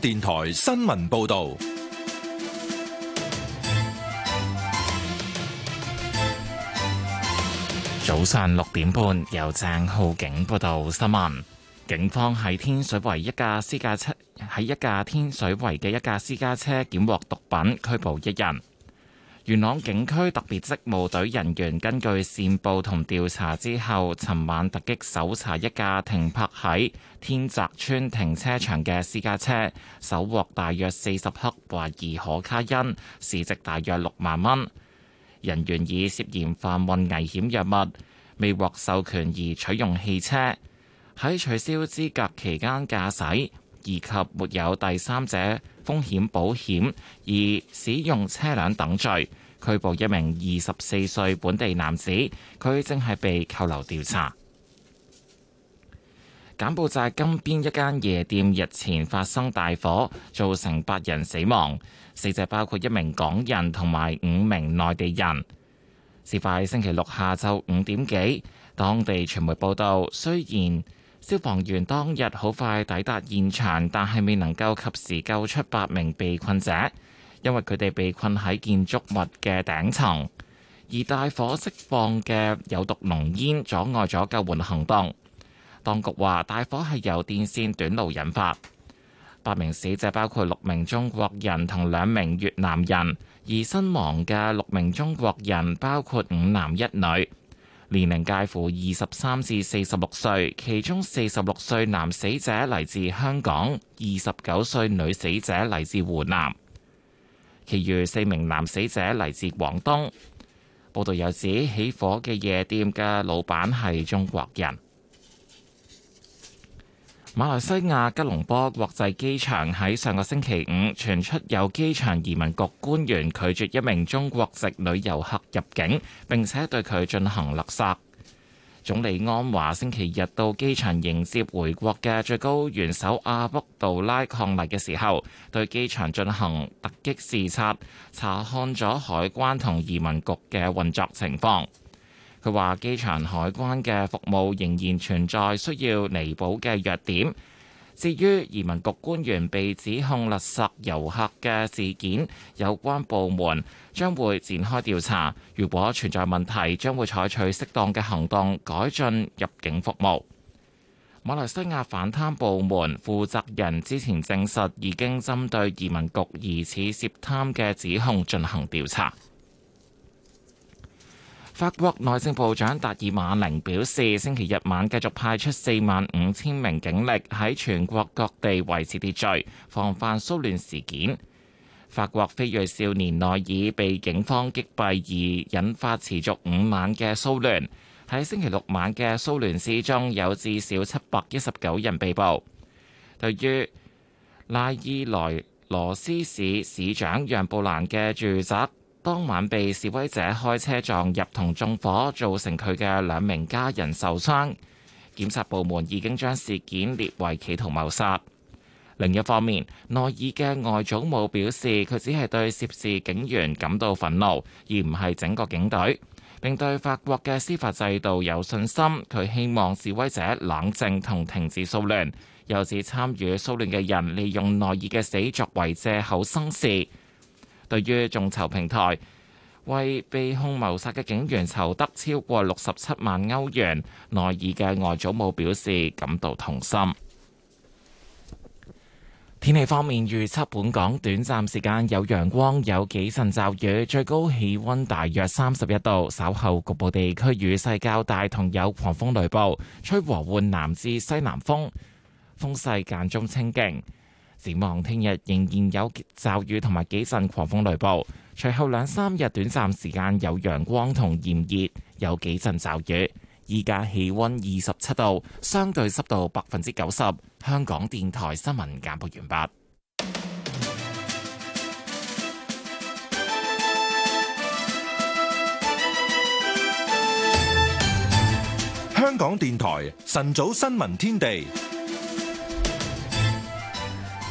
電台新聞報道，早上六點半由鄭浩景報道新聞。警方喺天水圍一架私家車喺一架天水圍嘅一架私家車檢獲毒品，拘捕一人。元朗警區特別職務隊人員根據線報同調查之後，尋晚突擊搜查一架停泊喺天澤村停車場嘅私家車，搜獲大約四十克懷疑可卡因，市值大約六萬蚊。人員以涉嫌販運危險藥物未獲授權而取用汽車，喺取消資格期間駕駛，以及沒有第三者風險保險而使用車輛等罪，拘捕一名二十四歲本地男子，佢正係被扣留調查。柬埔寨金邊一間夜店日前發生大火，造成八人死亡，死者包括一名港人同埋五名內地人。事發星期六下晝五點幾，當地傳媒報道，雖然，消防員當日好快抵達現場，但係未能夠及時救出八名被困者，因為佢哋被困喺建築物嘅頂層，而大火釋放嘅有毒濃煙阻礙咗救援行動。當局話大火係由電線短路引發。八名死者包括六名中國人同兩名越南人，而身亡嘅六名中國人包括五男一女。年齡介乎二十三至四十六歲，其中四十六歲男死者嚟自香港，二十九歲女死者嚟自湖南，其餘四名男死者嚟自廣東。報道又指，起火嘅夜店嘅老闆係中國人。馬來西亞吉隆坡國際機場喺上個星期五傳出有機場移民局官員拒絕一名中國籍旅遊客入境，並且對佢進行勒殺。總理安華星期日到機場迎接回國嘅最高元首阿卜杜拉抗禮嘅時候，對機場進行突擊視察，查看咗海關同移民局嘅運作情況。佢話：機場海關嘅服務仍然存在需要彌補嘅弱點。至於移民局官員被指控勒索遊客嘅事件，有關部門將會展開調查。如果存在問題，將會採取適當嘅行動改進入境服務。馬來西亞反貪部門負責人之前證實，已經針對移民局疑似涉貪嘅指控進行調查。法國內政部長達爾馬寧表示，星期日晚繼續派出四萬五千名警力喺全國各地維持秩序，防範騷亂事件。法國非裔少年內爾被警方擊斃，而引發持續五晚嘅騷亂。喺星期六晚嘅騷亂之中，有至少七百一十九人被捕。對於拉伊萊羅斯市市長讓布蘭嘅住宅。當晚被示威者開車撞入同縱火，造成佢嘅兩名家人受傷。檢察部門已經將事件列為企圖謀殺。另一方面，內爾嘅外祖母表示，佢只係對涉事警員感到憤怒，而唔係整個警隊，並對法國嘅司法制度有信心。佢希望示威者冷靜同停止騷亂，又指參與騷亂嘅人利用內爾嘅死作為借口生事。對於眾籌平台為被控謀殺嘅警員籌得超過六十七萬歐元，奈爾嘅外祖母表示感到痛心。天氣方面預測，預測本港短暫時間有陽光，有幾陣驟雨，最高氣温大約三十一度。稍後局部地區雨勢較大，同有狂風雷暴，吹和緩南至西南風，風勢間中清勁。展望聽日仍然有驟雨同埋幾陣狂風雷暴，隨後兩三日短暫時間有陽光同炎熱，有幾陣驟雨。依家氣溫二十七度，相對濕度百分之九十。香港電台新聞簡報完畢。香港電台晨早新聞天地。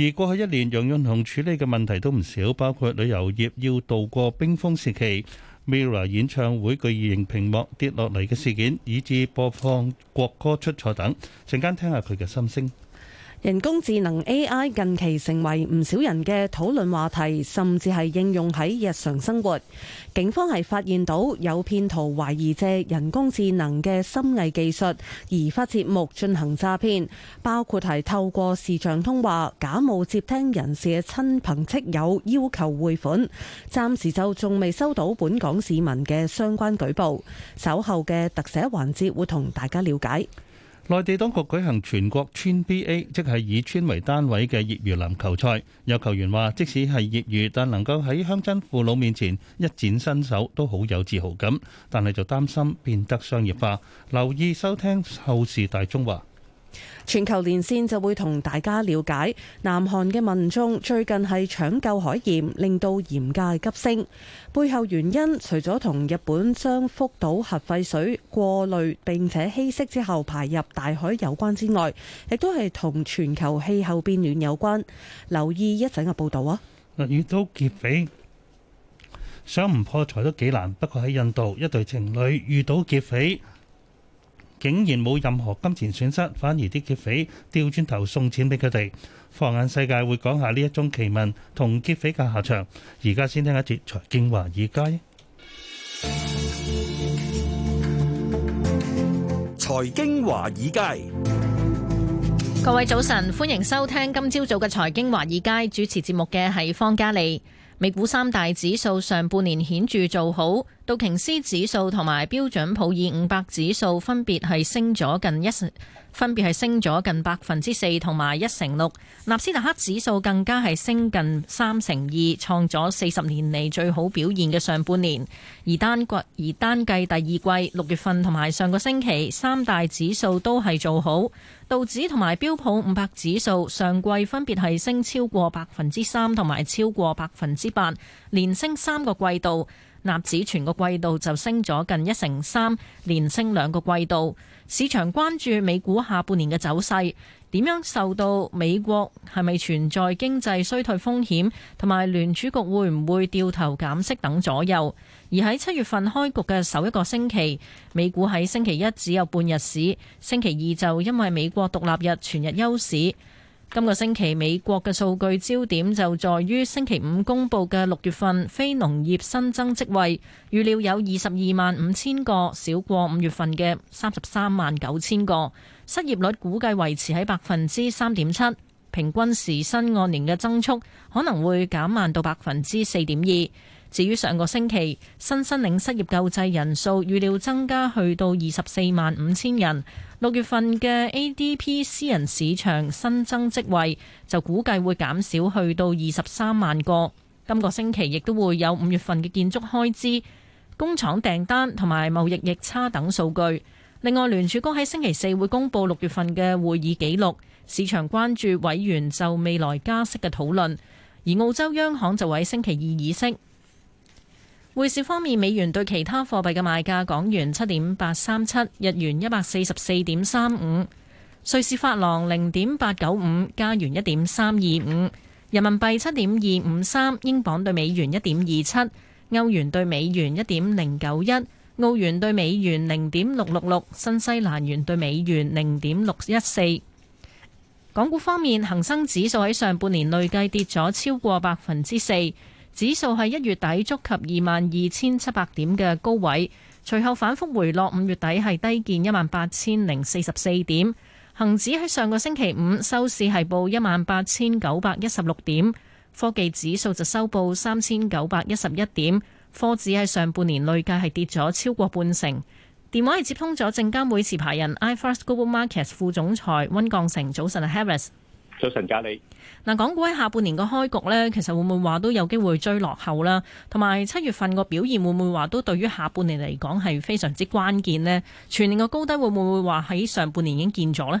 而過去一年，楊潤雄處理嘅問題都唔少，包括旅遊業要渡過冰封時期、MIRROR 演唱會巨型屏幕跌落嚟嘅事件，以至播放國歌出錯等。陣間聽下佢嘅心聲。人工智能 AI 近期成為唔少人嘅討論話題，甚至係應用喺日常生活。警方係發現到有騙徒懷疑借人工智能嘅深偽技術而發節目進行詐騙，包括係透過視像通話假冒接聽人士嘅親朋戚友要求匯款。暫時就仲未收到本港市民嘅相關舉報。稍後嘅特寫環節會同大家了解。內地當局舉行全國村 BA，即係以村為單位嘅業餘籃球賽。有球員話，即使係業餘，但能夠喺鄉親父老面前一展身手，都好有自豪感。但係就擔心變得商業化。留意收聽《後世大中華》。全球連線就會同大家了解，南韓嘅民眾最近係搶購海鹽，令到鹽價急升。背後原因除咗同日本將福島核廢水過濾並且稀釋之後排入大海有關之外，亦都係同全球氣候變暖有關。留意一陣嘅報道啊！遇到劫匪，想唔破財都幾難。不過喺印度，一對情侶遇到劫匪。竟然冇任何金錢損失，反而啲劫匪調轉頭送錢俾佢哋。放眼世界，會講下呢一宗奇聞同劫匪嘅下場。而家先聽一節《財經華爾街》。《財經華爾街》，各位早晨，歡迎收聽今朝早嘅《財經華爾街》，主持節目嘅係方嘉利。美股三大指數上半年顯著做好，道瓊斯指數同埋標準普爾五百指數分別係升咗近一，分別係升咗近百分之四同埋一成六，納斯達克指數更加係升近三成二，創咗四十年嚟最好表現嘅上半年。而單季而單計第二季六月份同埋上個星期，三大指數都係做好。道指同埋標普五百指數上季分別係升超過百分之三同埋超過百分之八，連升三個季度；納指全個季度就升咗近一成三，連升兩個季度。市場關注美股下半年嘅走勢，點樣受到美國係咪存在經濟衰退風險，同埋聯儲局會唔會掉頭減息等左右。而喺七月份開局嘅首一個星期，美股喺星期一只有半日市，星期二就因為美國獨立日全日休市。今個星期美國嘅數據焦點就在於星期五公佈嘅六月份非農業新增職位，預料有二十二萬五千個，少過五月份嘅三十三萬九千個。失業率估計維持喺百分之三點七，平均時薪按年嘅增速可能會減慢到百分之四點二。至於上個星期新申領失業救濟人數預料增加，去到二十四萬五千人。六月份嘅 ADP 私人市場新增職位就估計會減少，去到二十三萬個。今個星期亦都會有五月份嘅建築開支、工廠訂單同埋貿易逆差等數據。另外，聯儲局喺星期四會公佈六月份嘅會議記錄，市場關注委員就未來加息嘅討論。而澳洲央行就喺星期二議息。匯市方面，美元對其他貨幣嘅賣價：港元七點八三七，日元一百四十四點三五，瑞士法郎零點八九五，加元一點三二五，人民幣七點二五三，英鎊對美元一點二七，歐元對美元一點零九一，澳元對美元零點六六六，新西蘭元對美元零點六一四。港股方面，恒生指數喺上半年累計跌咗超過百分之四。指數係一月底觸及二萬二千七百點嘅高位，隨後反覆回落。五月底係低見一萬八千零四十四點。恒指喺上個星期五收市係報一萬八千九百一十六點，科技指數就收報三千九百一十一點。科指喺上半年累計係跌咗超過半成。電話係接通咗證監會持牌人 iFAST Global Markets 副總裁温鋼成，早晨啊，Harris。早晨，咖你。嗱，港股喺下半年個開局呢，其實會唔會話都有機會追落後啦？同埋七月份個表現會唔會話都對於下半年嚟講係非常之關鍵呢？全年個高低會唔會話喺上半年已經見咗呢？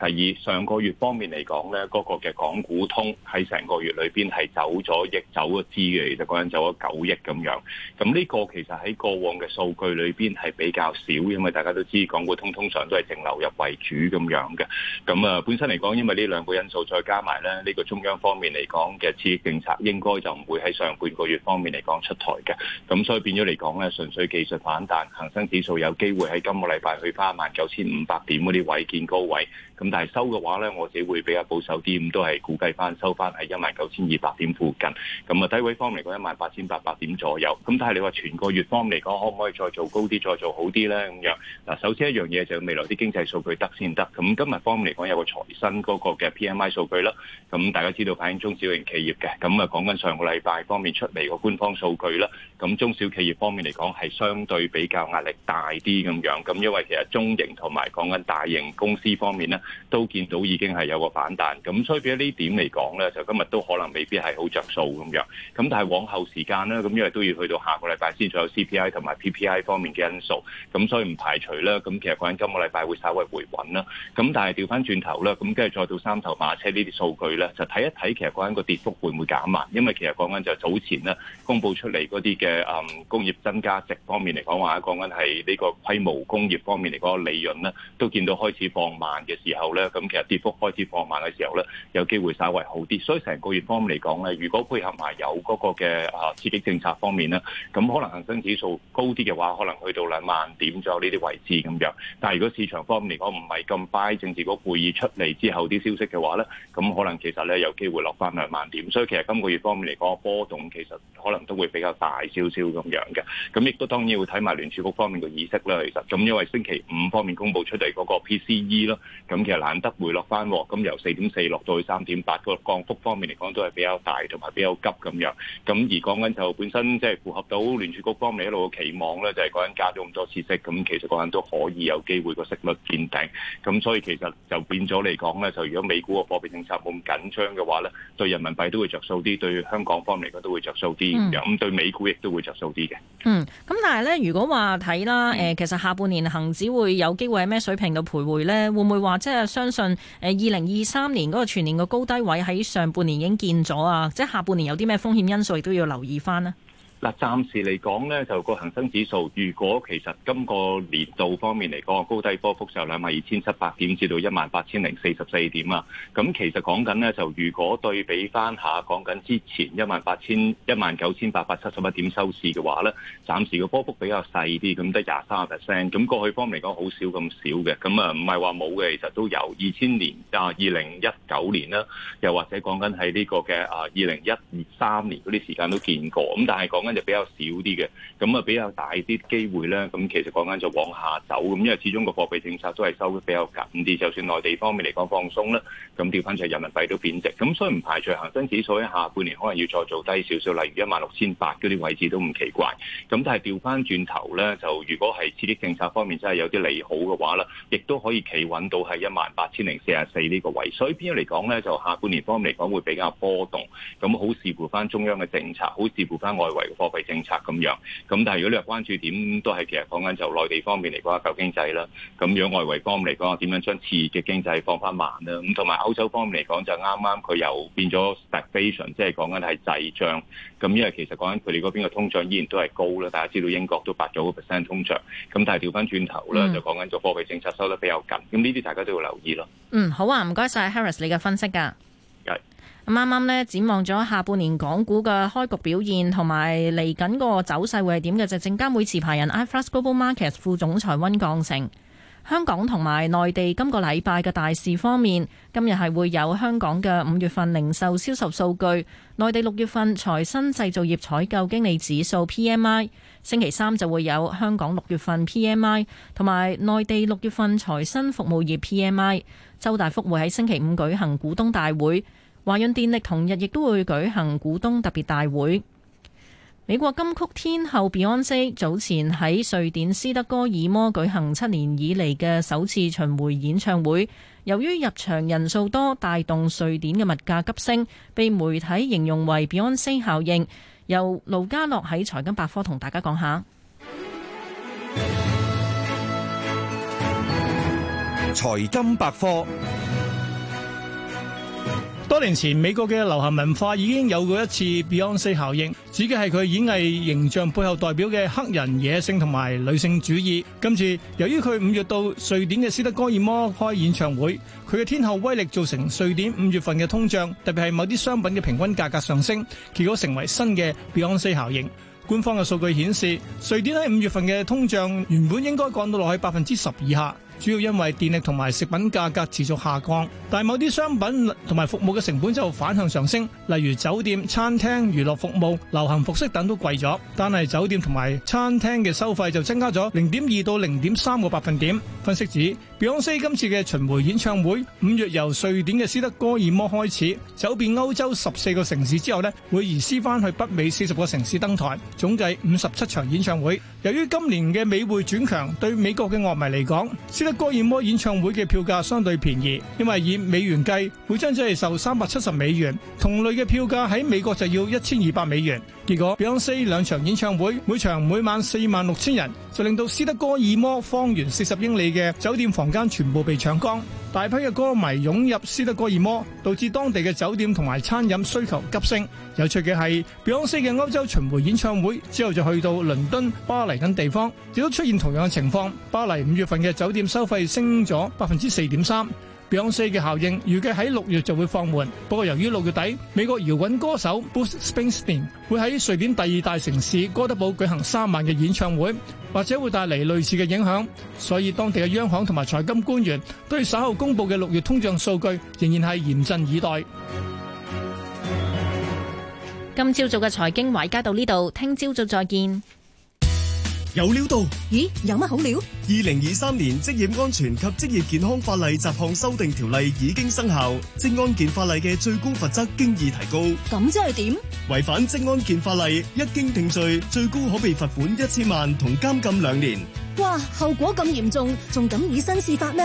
第二，上個月方面嚟講呢，嗰個嘅港股通喺成個月裏邊係走咗，億走咗支嘅，其實講緊走咗九億咁樣。咁呢個其實喺過往嘅數據裏邊係比較少，因為大家都知港股通通常都係淨流入為主咁樣嘅。咁啊，本身嚟講，因為呢兩個因素，再加埋呢呢個中央方面嚟講嘅刺激政策應該就唔會喺上半個月方面嚟講出台嘅。咁所以變咗嚟講呢純粹技術反彈，恒生指數有機會喺今個禮拜去返萬九千五百點嗰啲位見高位。咁但係收嘅話咧，我自己會比較保守啲，咁都係估計翻收翻喺一萬九千二百點附近。咁啊低位方面嚟講，一萬八千八百點左右。咁但係你話全個月方面嚟講，可唔可以再做高啲，再做好啲咧？咁樣嗱，首先一樣嘢就未來啲經濟數據得先得。咁今日方面嚟講，有個財新嗰個嘅 PMI 數據啦。咁大家知道反映中小型企業嘅。咁啊講緊上個禮拜方面出嚟個官方數據啦。咁中小企業方面嚟講係相對比較壓力大啲咁樣。咁因為其實中型同埋講緊大型公司方面咧。都見到已經係有個反彈，咁所以喺呢點嚟講咧，就今日都可能未必係好着數咁樣。咁但係往後時間咧，咁因為都要去到下個禮拜先仲有 CPI 同埋 PPI 方面嘅因素，咁所以唔排除啦。咁其實講緊今個禮拜會稍微回穩啦。咁但係調翻轉頭啦，咁跟住再到三頭馬車呢啲數據咧，就睇一睇其實講緊個跌幅會唔會減慢？因為其實講緊就早前咧，公布出嚟嗰啲嘅嗯工業增加值方面嚟講話，講緊係呢個規模工業方面嚟講個利潤咧，都見到開始放慢嘅時候。後咧，咁其實跌幅開始放慢嘅時候咧，有機會稍為好啲。所以成個月方面嚟講咧，如果配合埋有嗰個嘅啊刺激政策方面咧，咁可能恒生指數高啲嘅話，可能去到兩萬點左右呢啲位置咁樣。但係如果市場方面嚟講唔係咁快，政治局個會議出嚟之後啲消息嘅話咧，咁可能其實咧有機會落翻兩萬點。所以其實今個月方面嚟講，波動其實可能都會比較大少少咁樣嘅。咁亦都當然會睇埋聯儲局方面嘅意識啦。其實咁，因為星期五方面公佈出嚟嗰個 PCE 咯，咁。其實難得回落翻喎，咁由四點四落到去三點八，個降幅方面嚟講都係比較大同埋比較急咁樣。咁而講緊就本身即係符合到聯儲局方面一路嘅期望咧，就係講緊加咗咁多次息，咁其實講緊都可以有機會個息率見頂。咁所以其實就變咗嚟講咧，就如果美股個貨幣政策冇咁緊張嘅話咧，對人民幣都會著數啲，對香港方面嚟講都會著數啲咁樣。咁對美股亦都會著數啲嘅。嗯。咁但係咧，如果話睇啦，誒，其實下半年恒指會有機會喺咩水平度徘徊咧？會唔會話即係？即係相信，誒，二零二三年嗰個全年嘅高低位喺上半年已經見咗啊！即係下半年有啲咩風險因素，亦都要留意返咧。嗱，暫時嚟講咧，就個恒生指數，如果其實今個年度方面嚟講，高低波幅就兩萬二千七百點至到一萬八千零四十四點啊。咁其實講緊咧，就如果對比翻下講緊之前一萬八千、一萬九千八百七十一點收市嘅話咧，暫時個波幅比較細啲，咁得廿三 percent。咁過去方面嚟講，好少咁少嘅，咁啊唔係話冇嘅，其實都有二千年啊二零一九年啦，又或者講緊喺呢個嘅啊二零一二三年嗰啲時間都見過。咁但係講緊。就比較少啲嘅，咁啊比較大啲機會咧，咁其實講緊就往下走，咁因為始終個貨幣政策都係收得比較緊啲，就算內地方面嚟講放鬆啦，咁調翻就人民幣都貶值，咁所以唔排除恆生指數喺下半年可能要再做低少少，例如一萬六千八嗰啲位置都唔奇怪，咁但係調翻轉頭咧，就如果係刺激政策方面真係有啲利好嘅話咧，亦都可以企穩到係一萬八千零四十四呢個位，所以邊一嚟講咧，就下半年方面嚟講會比較波動，咁好視乎翻中央嘅政策，好視乎翻外圍貨幣政策咁樣，咁但係如果你話關注點都係其實講緊就內地方面嚟講啊救經濟啦，咁樣外圍方面嚟講啊點樣將刺激經濟放翻慢啦，咁同埋歐洲方面嚟講就啱啱佢又變咗 stagflation 即係講緊係滯脹，咁因為其實講緊佢哋嗰邊嘅通脹依然都係高啦，大家知道英國都八咗個 percent 通脹，咁但係調翻轉頭啦就講緊做貨幣政策收得比較緊，咁呢啲大家都要留意咯。嗯，好啊，唔該晒，Harris 你嘅分析噶、啊。啱啱呢，展望咗下半年港股嘅開局表現同埋嚟緊個走勢會係點嘅？就證監會持牌人 iPlus Global Markets 副總裁温鋼成，香港同埋內地今個禮拜嘅大事方面，今日係會有香港嘅五月份零售銷售數據，內地六月份財新製造業採購經理指數 P M I。星期三就會有香港六月份 P M I 同埋內地六月份財新服務業 P M I。周大福會喺星期五舉行股東大會。華潤電力同日亦都會舉行股東特別大會。美國金曲天后碧安絲早前喺瑞典斯德哥爾摩舉行七年以嚟嘅首次巡回演唱會，由於入場人數多，帶動瑞典嘅物價急升，被媒體形容為碧安絲效應。由盧家樂喺財金百科同大家講下。財金百科。多年前，美國嘅流行文化已經有過一次 Beyonce 效應，指嘅係佢演藝形象背後代表嘅黑人野性同埋女性主義。今次由於佢五月到瑞典嘅斯德哥爾摩開演唱會，佢嘅天后威力造成瑞典五月份嘅通脹，特別係某啲商品嘅平均價格上升，結果成為新嘅 Beyonce 效應。官方嘅數據顯示，瑞典喺五月份嘅通脹原本應該降到落去百分之十以下。主要因為電力同埋食品價格持續下降，但某啲商品同埋服務嘅成本就反向上升，例如酒店、餐廳、娛樂服務、流行服飾等都貴咗。但係酒店同埋餐廳嘅收費就增加咗零點二到零點三個百分點。分析指。Beyonce 今次嘅巡迴演唱會五月由瑞典嘅斯德哥爾摩開始，走遍歐洲十四個城市之後呢，會移師翻去北美四十個城市登台，總計五十七場演唱會。由於今年嘅美匯轉強，對美國嘅樂迷嚟講，斯德哥爾摩演唱會嘅票價相對便宜，因為以美元計，每張只係售三百七十美元，同類嘅票價喺美國就要一千二百美元。結果，Beyonce 兩場演唱會每場每晚四萬六千人，就令到斯德哥爾摩方圓四十英里嘅酒店房間全部被搶光。大批嘅歌迷湧入斯德哥爾摩，導致當地嘅酒店同埋餐飲需求急升。有趣嘅係，Beyonce 嘅歐洲巡迴演唱會之後就去到倫敦、巴黎等地方，亦都出現同樣嘅情況。巴黎五月份嘅酒店收費升咗百分之四點三。Beyoncé 嘅效應預計喺六月就會放緩，不過由於六月底美國搖滾歌手 Bruce Springsteen 會喺瑞典第二大城市哥德堡舉行三萬嘅演唱會，或者會帶嚟類似嘅影響，所以當地嘅央行同埋財金官員對稍後公佈嘅六月通脹數據仍然係嚴陣以待。今朝早嘅財經維嘉到呢度，聽朝早再見。有料到？咦，有乜好料？二零二三年職業安全及職業健康法例集項修訂條例已經生效，職安健法例嘅最高罰則經已提高。咁即係點？違反職安健法例一經定罪，最高可被罰款一千萬同監禁兩年。哇，後果咁嚴重，仲敢以身試法咩？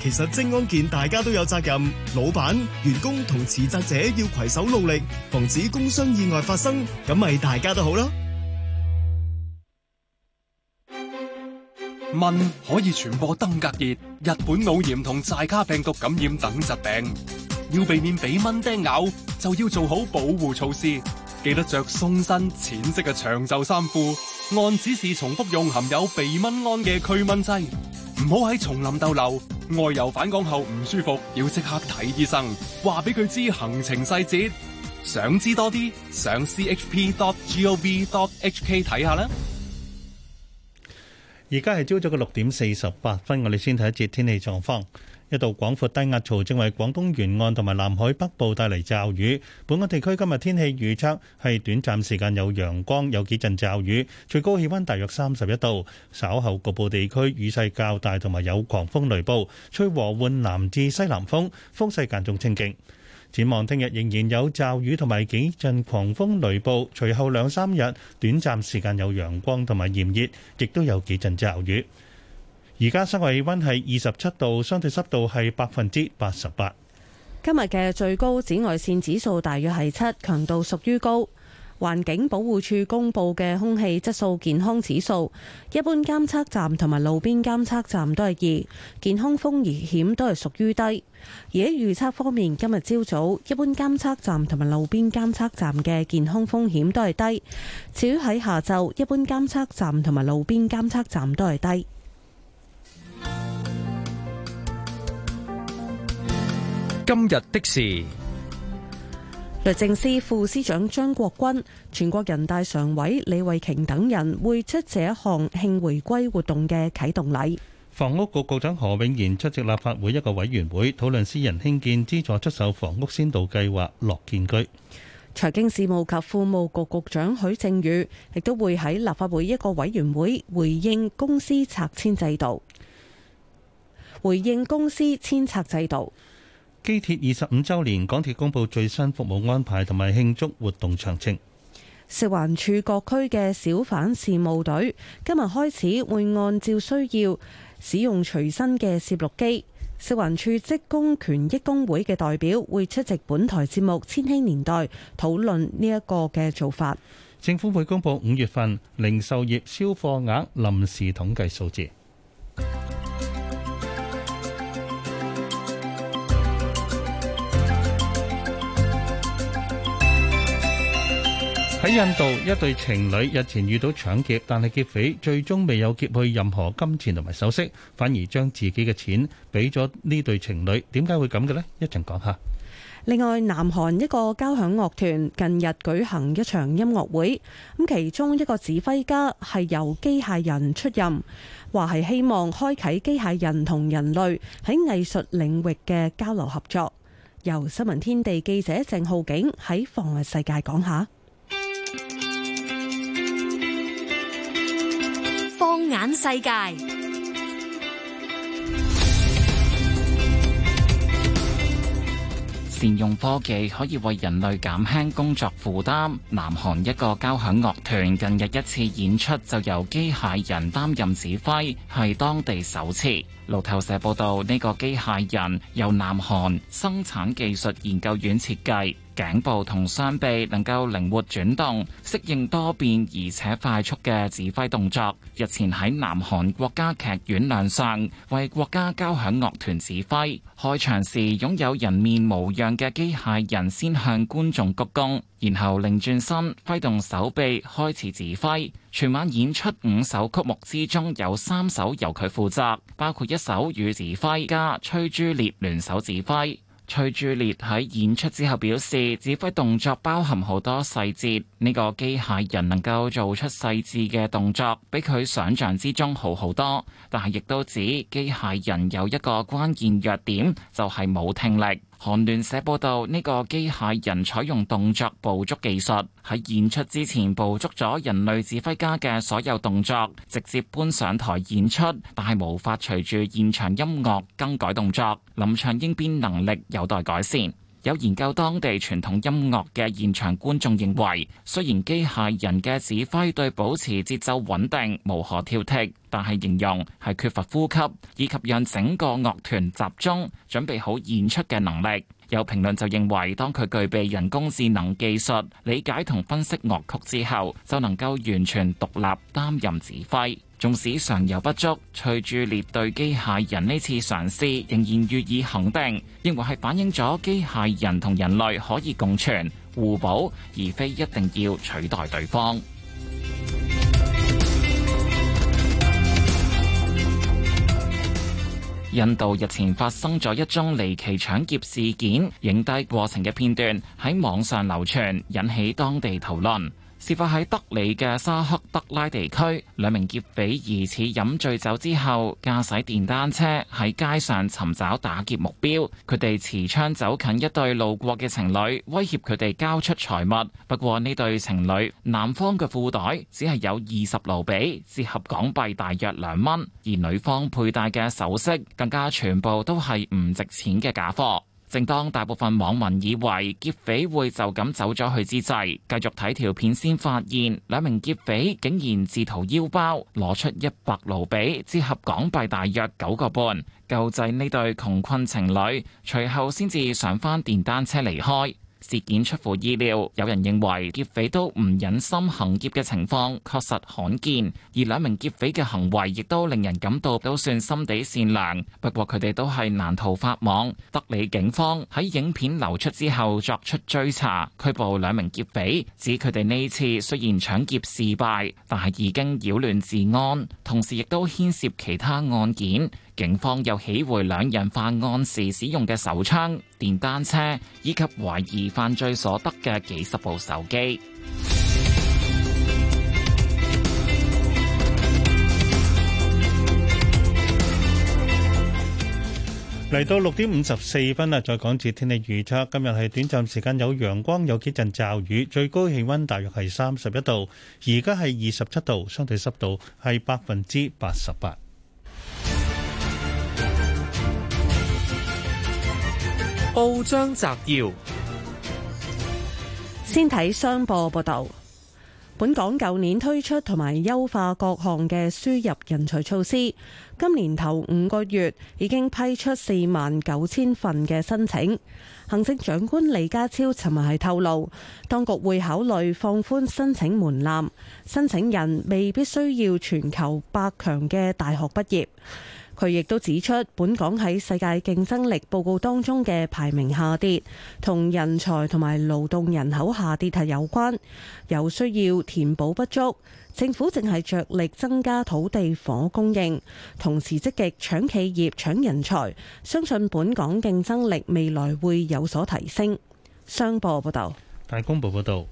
其實職安健大家都有責任，老闆、員工同辭職者要攜手努力，防止工傷意外發生，咁咪大家都好啦。蚊可以傳播登革熱、日本腦炎同寨卡病毒感染等疾病。要避免俾蚊叮咬，就要做好保護措施。記得着鬆身淺色嘅長袖衫褲。按指示重複用含有避蚊胺嘅驅蚊劑。唔好喺叢林逗留。外遊返港後唔舒服，要即刻睇醫生。話俾佢知行程細節。想知多啲，上 chp.gov.hk 睇下啦。而家係朝早嘅六點四十八分，我哋先睇一節天氣狀況。一道廣闊低壓槽正為廣東沿岸同埋南海北部帶嚟驟雨。本港地區今日天氣預測係短暫時間有陽光，有幾陣驟雨，最高氣溫大約三十一度。稍後局部地區雨勢較大，同埋有狂風雷暴。吹和緩南至西南風，風勢間中清勁。展望聽日仍然有驟雨同埋幾陣狂風雷暴，隨後兩三日短暫時間有陽光同埋炎熱，亦都有幾陣驟雨。而家室外氣温係二十七度，相對濕度係百分之八十八。今日嘅最高紫外線指數大約係七，強度屬於高。環境保護署公布嘅空氣質素健康指數，一般監測站同埋路邊監測站都係二，健康風險都係屬於低。而喺預測方面，今日朝早一般監測站同埋路邊監測站嘅健康風險都係低，至於喺下晝，一般監測站同埋路邊監測站都係低。今日的事。律政司副司長張國軍、全國人大常委李慧瓊等人會出席一項慶回歸活動嘅啟動禮。房屋局局長何永賢出席立法會一個委員會討論私人興建資助出售房屋先導計劃樂建居。財經事務及庫務局局長許正宇亦都會喺立法會一個委員會回應公司拆遷制度，回應公司遷冊制度。機鐵二十五周年，港鐵公布最新服務安排同埋慶祝活動詳情。食環署各區嘅小販事務隊今日開始會按照需要使用隨身嘅攝錄機。食環署職工權益工會嘅代表會出席本台節目《千禧年代》討論呢一個嘅做法。政府會公布五月份零售業銷貨額臨時統計數字。喺印度，一對情侶日前遇到搶劫，但係劫匪最終未有劫去任何金錢同埋首飾，反而將自己嘅錢俾咗呢對情侶。點解會咁嘅呢？一陣講下。另外，南韓一個交響樂團近日舉行一場音樂會，咁其中一個指揮家係由機械人出任，話係希望開啟機械人同人類喺藝術領域嘅交流合作。由新聞天地記者鄭浩景喺《防衛世界》講下。眼世界，善用科技可以為人類減輕工作負擔。南韓一個交響樂團近日一次演出就由機械人擔任指揮，係當地首次。路透社報道，呢個機械人由南韓生產技術研究院設計。頸部同雙臂能夠靈活轉動，適應多變而且快速嘅指揮動作。日前喺南韓國家劇院亮相，為國家交響樂團指揮。開場時擁有人面模樣嘅機械人先向觀眾鞠躬，然後轉身揮動手臂開始指揮。全晚演出五首曲目之中，有三首由佢負責，包括一首與指揮家崔珠烈聯手指揮。崔柱烈喺演出之後表示，指揮動作包含好多細節，呢、這個機械人能夠做出細致嘅動作，比佢想象之中好好多。但係，亦都指機械人有一個關鍵弱點，就係冇聽力。韓聯社報道，呢、這個機械人採用動作捕捉技術，喺演出之前捕捉咗人類指揮家嘅所有動作，直接搬上台演出，但係無法隨住現場音樂更改動作，臨場應變能力有待改善。有研究當地傳統音樂嘅現場觀眾認為，雖然機械人嘅指揮對保持節奏穩定無可挑剔，但係形容係缺乏呼吸，以及讓整個樂團集中準備好演出嘅能力。有評論就認為，當佢具備人工智能技術，理解同分析樂曲之後，就能夠完全獨立擔任指揮。縱使尚有不足，隨住列隊機械人呢次嘗試，仍然予以肯定，認為係反映咗機械人同人類可以共存互補，而非一定要取代對方。印度日前發生咗一宗離奇搶劫事件，影低過程嘅片段喺網上流傳，引起當地討論。事發喺德里嘅沙克德拉地區，兩名劫匪疑似飲醉酒之後駕駛電單車喺街上尋找打劫目標，佢哋持槍走近一對路過嘅情侶威脅佢哋交出財物。不過呢對情侶男方嘅褲袋只係有二十盧比，折合港幣大約兩蚊，而女方佩戴嘅首飾更加全部都係唔值錢嘅假貨。正當大部分網民以為劫匪會就咁走咗去之際，繼續睇條片先發現，兩名劫匪竟然自掏腰包攞出一百盧比，折合港幣大約九個半，救濟呢對窮困情侶，隨後先至上翻電單車離開。事件出乎意料，有人認為劫匪都唔忍心行劫嘅情況確實罕見，而兩名劫匪嘅行為亦都令人感到都算心地善良。不過佢哋都係難逃法網，德里警方喺影片流出之後作出追查，拘捕兩名劫匪，指佢哋呢次雖然搶劫事敗，但係已經擾亂治安，同時亦都牽涉其他案件。警方又起回兩人犯案時使用嘅手槍、電單車，以及懷疑犯罪所得嘅幾十部手機。嚟到六點五十四分啦，再講次天氣預測。今日係短暫時間有陽光，有幾陣驟雨，最高氣溫大約係三十一度，而家係二十七度，相對濕度係百分之八十八。報章摘要，先睇商報報道。本港舊年推出同埋優化各項嘅輸入人才措施，今年頭五個月已經批出四萬九千份嘅申請。行政長官李家超尋日係透露，當局會考慮放寬申請門檻，申請人未必需要全球百強嘅大學畢業。佢亦都指出，本港喺世界競爭力報告當中嘅排名下跌，同人才同埋勞動人口下跌係有關，有需要填補不足。政府正係着力增加土地房供應，同時積極搶企業搶人才，相信本港競爭力未來會有所提升。商報報道，大公報報道。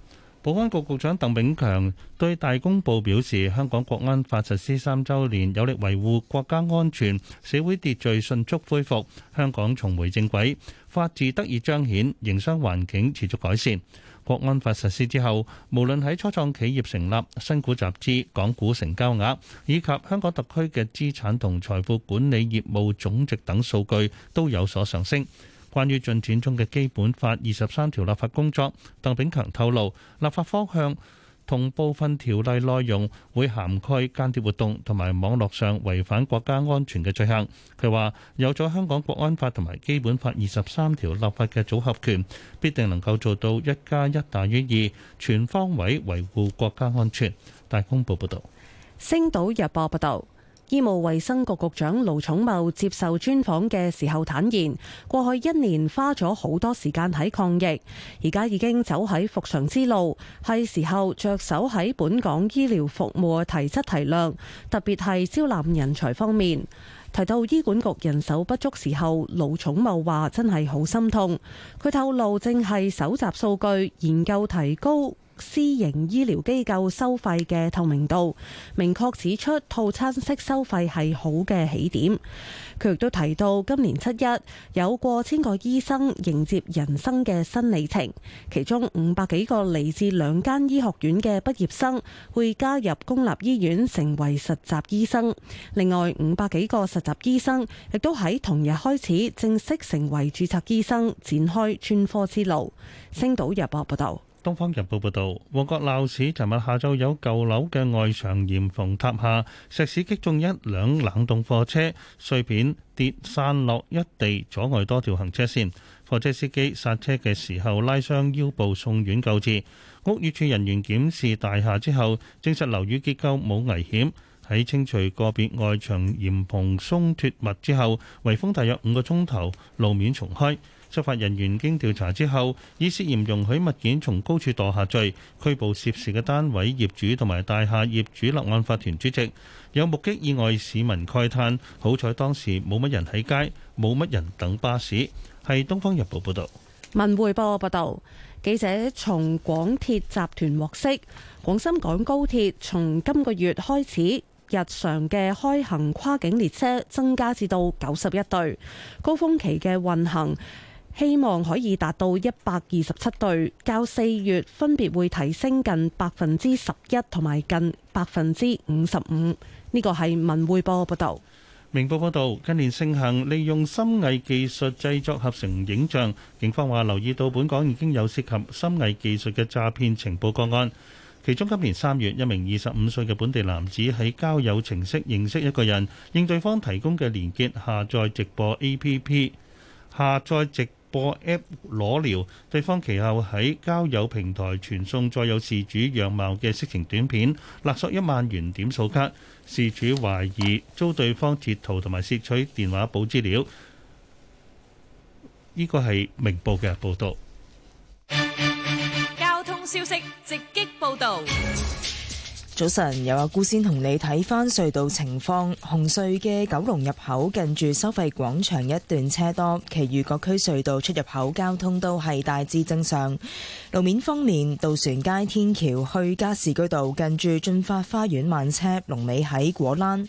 保安局局長鄧炳強對大公報表示：香港國安法實施三周年，有力維護國家安全，社會秩序迅速恢復，香港重回正軌，法治得以彰顯，營商環境持續改善。國安法實施之後，無論喺初創企業成立、新股集資、港股成交額，以及香港特區嘅資產同財富管理業務總值等數據，都有所上升。關於進展中嘅基本法二十三條立法工作，鄧炳強透露，立法方向同部分條例內容會涵蓋間諜活動同埋網絡上違反國家安全嘅罪行。佢話：有咗香港國安法同埋基本法二十三條立法嘅組合權，必定能夠做到一加一大於二，全方位維護國家安全。大公報報導，星島日報報導。醫務衛生局局長盧寵茂接受專訪嘅時候坦言，過去一年花咗好多時間喺抗疫，而家已經走喺復常之路，係時候着手喺本港醫療服務嘅提質提量，特別係招攬人才方面。提到醫管局人手不足時候，盧寵茂話真係好心痛。佢透露正係搜集數據，研究提高。私營醫療機構收費嘅透明度，明確指出套餐式收費係好嘅起點。佢亦都提到，今年七一有過千個醫生迎接人生嘅新里程，其中五百幾個嚟自兩間醫學院嘅畢業生會加入公立醫院成為實習醫生，另外五百幾個實習醫生亦都喺同日開始正式成為注冊醫生，展開專科之路。星島日報報道。《東方日報》報導，旺角鬧市尋日下晝有舊樓嘅外牆簷篷塌下，石屎擊中一輛冷凍貨車，碎片跌散落一地，阻礙多條行車線。貨車司機剎車嘅時候拉傷腰部，送院救治。屋宇署人員檢視大廈之後，證實樓宇結構冇危險。喺清除個別外牆簷篷鬆脱物之後，圍封大約五個鐘頭，路面重開。執法人員經調查之後，以涉嫌容許物件從高處墮下罪拘捕涉事嘅單位業主同埋大廈業主立案法團主席。有目擊意外市民慨嘆：好彩當時冇乜人喺街，冇乜人等巴士。係《東方日報》報道。文匯報報道，記者從廣鐵集團獲悉，廣深港高鐵從今個月開始，日常嘅開行跨境列車增加至到九十一對，高峰期嘅運行。希望可以達到一百二十七對，較四月分別會提升近百分之十一同埋近百分之五十五。呢個係文匯報報道。明報報道，近年盛行利用深偽技術製作合成影像，警方話留意到本港已經有涉及深偽技術嘅詐騙情報個案。其中今年三月，一名二十五歲嘅本地男子喺交友程式認識一個人，應對方提供嘅連結下載直播 A P P，下載直。播 app 裸聊，對方其後喺交友平台傳送載有事主樣貌嘅色情短片，勒索一萬元點數卡。事主懷疑遭對方截圖同埋攝取電話簿資料，呢個係明報嘅報導。交通消息直擊報導。早晨，有阿姑先同你睇翻隧道情況。紅隧嘅九龍入口近住收費廣場一段車多，其餘各區隧道出入口交通都係大致正常。路面方面，渡船街天橋去加士居道近住進發花園慢車龍尾喺果欄。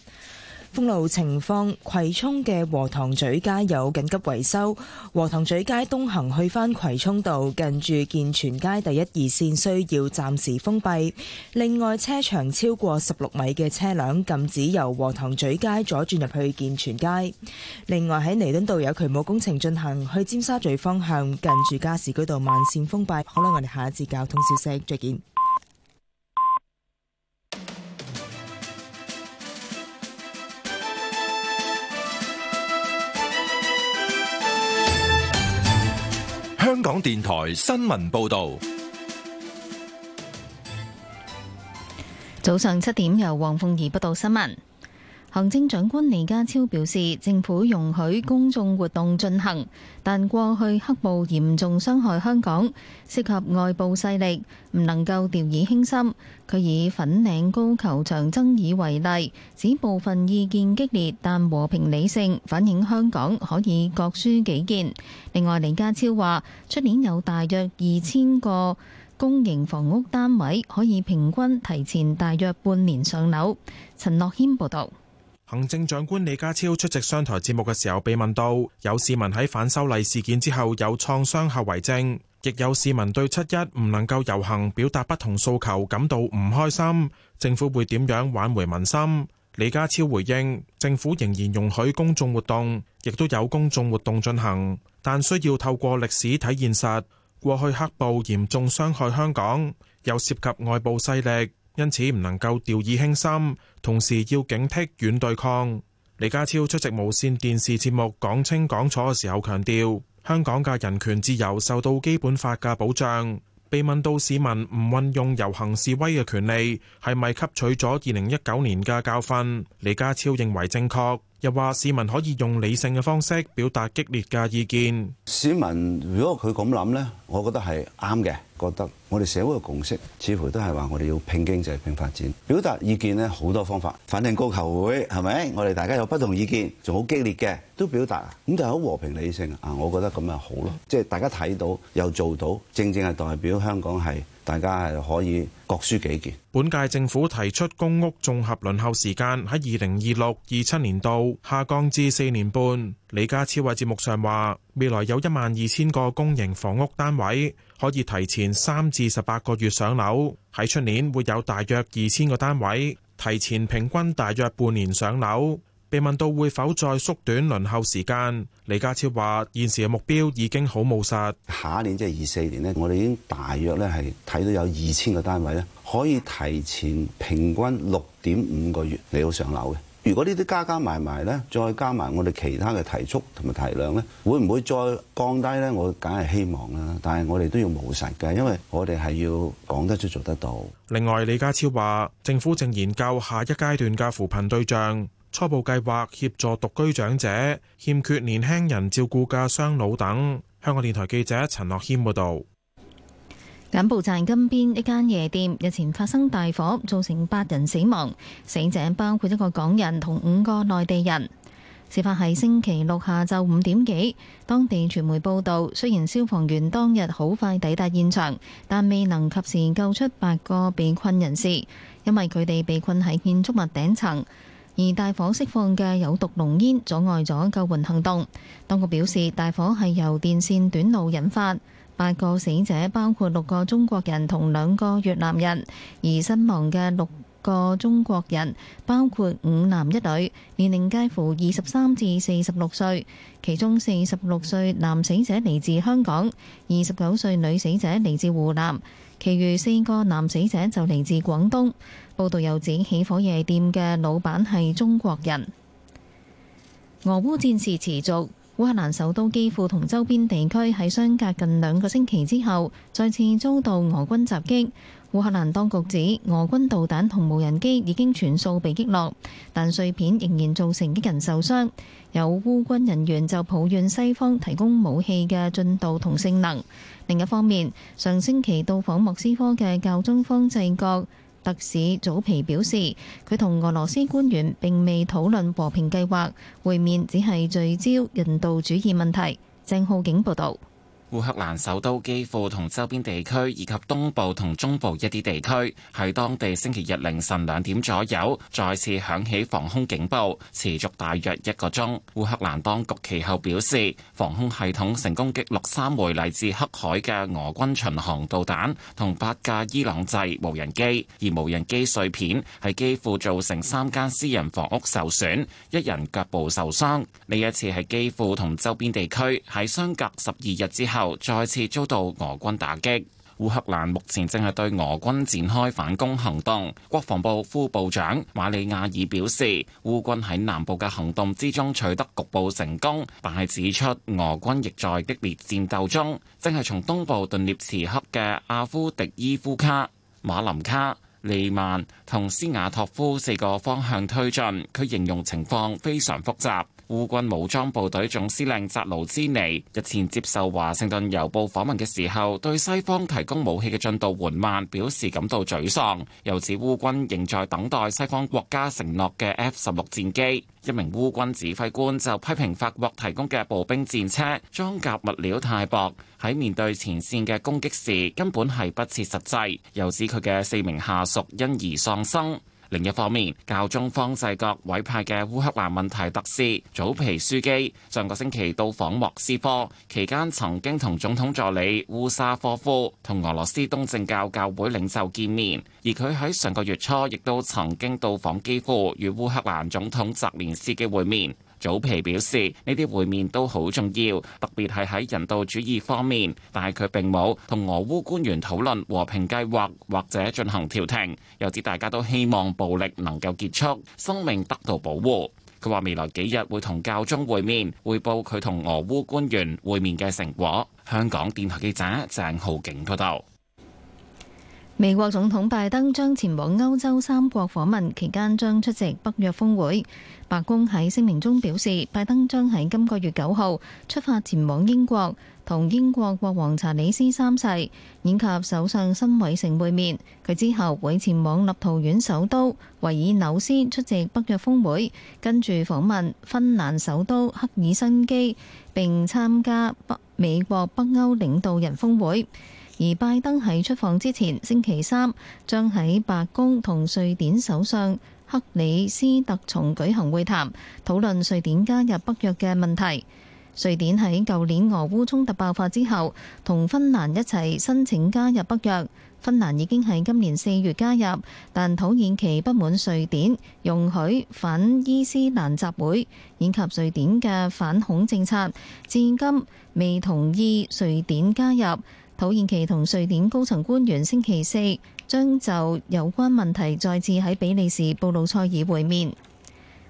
封路情況，葵涌嘅禾塘咀街有緊急維修，禾塘咀街東行去返葵涌道近住健全街第一二綫需要暫時封閉。另外，車長超過十六米嘅車輛禁止由禾塘咀街左轉入去健全街。另外，喺彌敦道有渠務工程進行，去尖沙咀方向近住加士居道慢綫封閉。好啦，我哋下一節交通消息，再見。香港電台新聞報道，早上七點，由黃鳳儀報道新聞。行政長官李家超表示，政府容許公眾活動進行，但過去黑暴嚴重傷害香港，涉及外部勢力，唔能夠掉以輕心。佢以粉嶺高球場爭議為例，指部分意見激烈，但和平理性反映香港可以各抒己見。另外，李家超話，出年有大約二千個公營房屋單位可以平均提前大約半年上樓。陳樂軒報導。行政長官李家超出席商台節目嘅時候，被問到有市民喺反修例事件之後有創傷後遺症，亦有市民對七一唔能夠游行表達不同訴求感到唔開心，政府會點樣挽回民心？李家超回應：政府仍然容許公眾活動，亦都有公眾活動進行，但需要透過歷史睇現實。過去黑暴嚴重傷害香港，又涉及外部勢力。因此唔能夠掉以輕心，同時要警惕軟對抗。李家超出席無綫電視節目講清講楚嘅時候強調，香港嘅人權自由受到基本法嘅保障。被問到市民唔運用遊行示威嘅權利係咪吸取咗二零一九年嘅教訓，李家超認為正確。又話市民可以用理性嘅方式表達激烈嘅意見。市民如果佢咁諗呢，我覺得係啱嘅。覺得我哋社會嘅共識似乎都係話我哋要拼經濟、拼發展。表達意見呢，好多方法，反正高球會係咪？我哋大家有不同意見，仲好激烈嘅都表達。咁就係好和平理性啊！我覺得咁啊好咯，即係大家睇到又做到，正正係代表香港係。大家係可以各抒己見，本屆政府提出公屋綜合輪候時間喺二零二六二七年度下降至四年半。李家超喺節目上話，未來有一萬二千個公營房屋單位可以提前三至十八個月上樓，喺出年會有大約二千個單位提前平均大約半年上樓。被問到會否再縮短輪候時間，李家超話：現時嘅目標已經好務實。下一年即係二四年呢，我哋已經大約咧係睇到有二千個單位咧，可以提前平均六點五個月嚟到上樓嘅。如果呢啲加加埋埋咧，再加埋我哋其他嘅提速同埋提量咧，會唔會再降低咧？我梗係希望啦，但係我哋都要務實嘅，因為我哋係要講得出、做得到。另外，李家超話：政府正研究下一階段嘅扶貧對象。初步計劃協助獨居長者、欠缺年輕人照顧嘅雙老等。香港電台記者陳樂軒報導。柬埔寨金邊一間夜店日前發生大火，造成八人死亡，死者包括一個港人同五個內地人。事發係星期六下晝五點幾。當地傳媒報導，雖然消防員當日好快抵達現場，但未能及時救出八個被困人士，因為佢哋被困喺建築物頂層。而大火釋放嘅有毒濃煙阻礙咗救援行動。當局表示，大火係由電線短路引發，八個死者包括六個中國人同兩個越南人，而身亡嘅六個中國人包括五男一女，年齡介乎二十三至四十六歲，其中四十六歲男死者嚟自香港，二十九歲女死者嚟自湖南，其餘四個男死者就嚟自廣東。報道又指起火夜店嘅老闆係中國人。俄烏戰事持續。烏克蘭首都基輔同周邊地區喺相隔近兩個星期之後，再次遭到俄軍襲擊。烏克蘭當局指，俄軍導彈同無人機已經全數被擊落，但碎片仍然造成一人受傷。有烏軍人員就抱怨西方提供武器嘅進度同性能。另一方面，上星期到訪莫斯科嘅教宗方濟各特使早前表示，佢同俄羅斯官員並未討論和平計劃，會面只係聚焦人道主義問題，鄭浩景報道。烏克蘭首都基輔同周邊地區以及東部同中部一啲地區，喺當地星期日凌晨兩點左右再次響起防空警報，持續大約一個鐘。烏克蘭當局其後表示，防空系統成功擊落三枚嚟自黑海嘅俄軍巡航導彈同八架伊朗製無人機，而無人機碎片喺基輔造成三間私人房屋受損，一人腳部受傷。呢一次喺基輔同周邊地區喺相隔十二日之後，再次遭到俄軍打擊，烏克蘭目前正係對俄軍展開反攻行動。國防部副部長馬里亞爾表示，烏軍喺南部嘅行動之中取得局部成功，但係指出俄軍亦在激烈戰鬥中，正係從東部頓涅茨克嘅阿夫迪伊夫卡、馬林卡、利曼同斯瓦托夫四個方向推進。佢形容情況非常複雜。烏軍武裝部隊總司令扎魯茲尼日前接受華盛頓郵報訪問嘅時候，對西方提供武器嘅進度緩慢表示感到沮喪，又指烏軍仍在等待西方國家承諾嘅 F 十六戰機。一名烏軍指揮官就批評法國提供嘅步兵戰車裝甲物料太薄，喺面對前線嘅攻擊時根本係不切實際，又指佢嘅四名下屬因而喪生。另一方面，教宗方濟各委派嘅烏克蘭問題特使、祖皮書記，上個星期到訪莫斯科，期間曾經同總統助理烏沙科夫同俄羅斯東正教教會領袖見面，而佢喺上個月初亦都曾經到訪基輔與烏克蘭總統澤連斯基會面。早前表示，呢啲會面都好重要，特別係喺人道主義方面。但係佢並冇同俄烏官員討論和平計劃或者進行調停，又指大家都希望暴力能夠結束，生命得到保護。佢話未來幾日會同教宗會面，彙報佢同俄烏官員會面嘅成果。香港電台記者鄭浩景報道。美國總統拜登將前往歐洲三國訪問，期間將出席北約峰會。白宮喺聲明中表示，拜登將喺今個月九號出發前往英國，同英國國王查理斯三世以及首相辛偉誠會面。佢之後會前往立陶宛首都維爾紐斯出席北約峰會，跟住訪問芬蘭首都赫爾辛基，並參加美國北歐領導人峰會。而拜登喺出訪之前，星期三將喺白宮同瑞典首相克里斯特松舉行會談，討論瑞典加入北約嘅問題。瑞典喺舊年俄烏衝突爆發之後同芬蘭一齊申請加入北約。芬蘭已經係今年四月加入，但土耳其不滿瑞典容許反伊斯蘭集會以及瑞典嘅反恐政策，至今未同意瑞典加入。土耳其同瑞典高層官員星期四將就有關問題再次喺比利時布魯塞爾會面。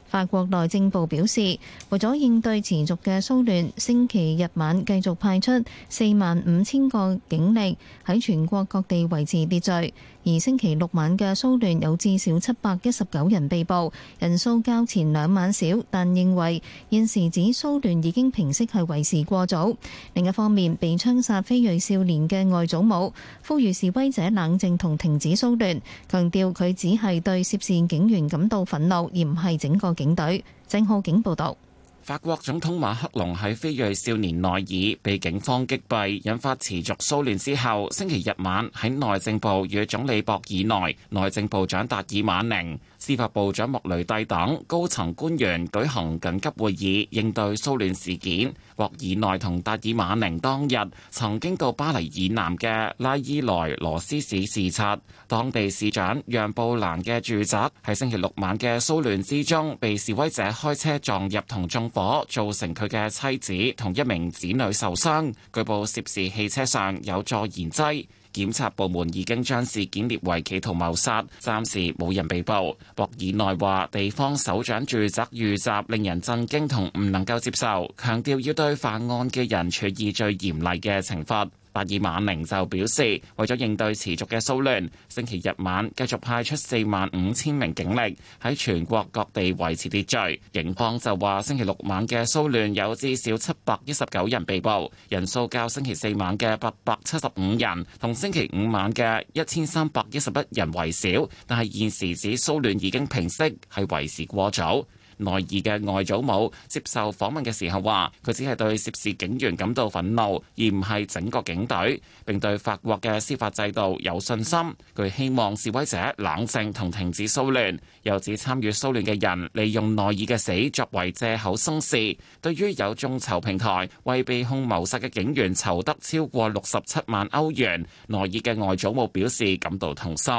法國內政部表示，為咗應對持續嘅騷亂，星期日晚繼續派出四萬五千個警力喺全國各地維持秩序。而星期六晚嘅騷亂有至少七百一十九人被捕，人數較前兩晚少，但認為現時指騷亂已經平息係為時過早。另一方面，被槍殺非裔少年嘅外祖母呼籲示威者冷靜同停止騷亂，強調佢只係對涉事警員感到憤怒，而唔係整個警隊。鄭浩景報道。法國總統馬克龍喺非裔少年內爾被警方擊斃，引發持續騷亂之後，星期日晚喺內政部與總理博爾內、內政部長達爾馬寧、司法部長莫雷蒂等高層官員舉行緊急會議，應對騷亂事件。博爾內同達爾馬寧當日曾經到巴黎以南嘅拉伊萊羅斯市視察。當地市長讓布蘭嘅住宅喺星期六晚嘅騷亂之中，被示威者開車撞入同縱火，造成佢嘅妻子同一名子女受傷。據報涉事汽車上有助燃劑，檢察部門已經將事件列為企圖謀殺，暫時冇人被捕。博爾內話：地方首長住宅遇襲令人震驚同唔能夠接受，強調要對犯案嘅人處以最嚴厲嘅懲罰。達爾馬寧就表示，為咗應對持續嘅騷亂，星期日晚繼續派出四萬五千名警力喺全國各地維持秩序。警方就話，星期六晚嘅騷亂有至少七百一十九人被捕，人數較星期四晚嘅八百七十五人同星期五晚嘅一千三百一十一人為少，但係現時指騷亂已經平息，係為時過早。內爾嘅外祖母接受訪問嘅時候話：佢只係對涉事警員感到憤怒，而唔係整個警隊。並對法國嘅司法制度有信心。佢希望示威者冷靜同停止騷亂，又指參與騷亂嘅人利用內爾嘅死作為藉口生事。對於有眾籌平台為被控謀殺嘅警員籌得超過六十七萬歐元，內爾嘅外祖母表示感到痛心。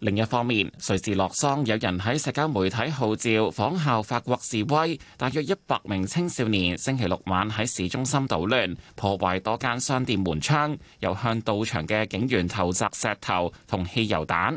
另一方面，瑞士洛桑有人喺社交媒體號召仿效法國示威，大約一百名青少年星期六晚喺市中心搗亂，破壞多間商店門窗，又向到場嘅警員投擲石頭同汽油彈。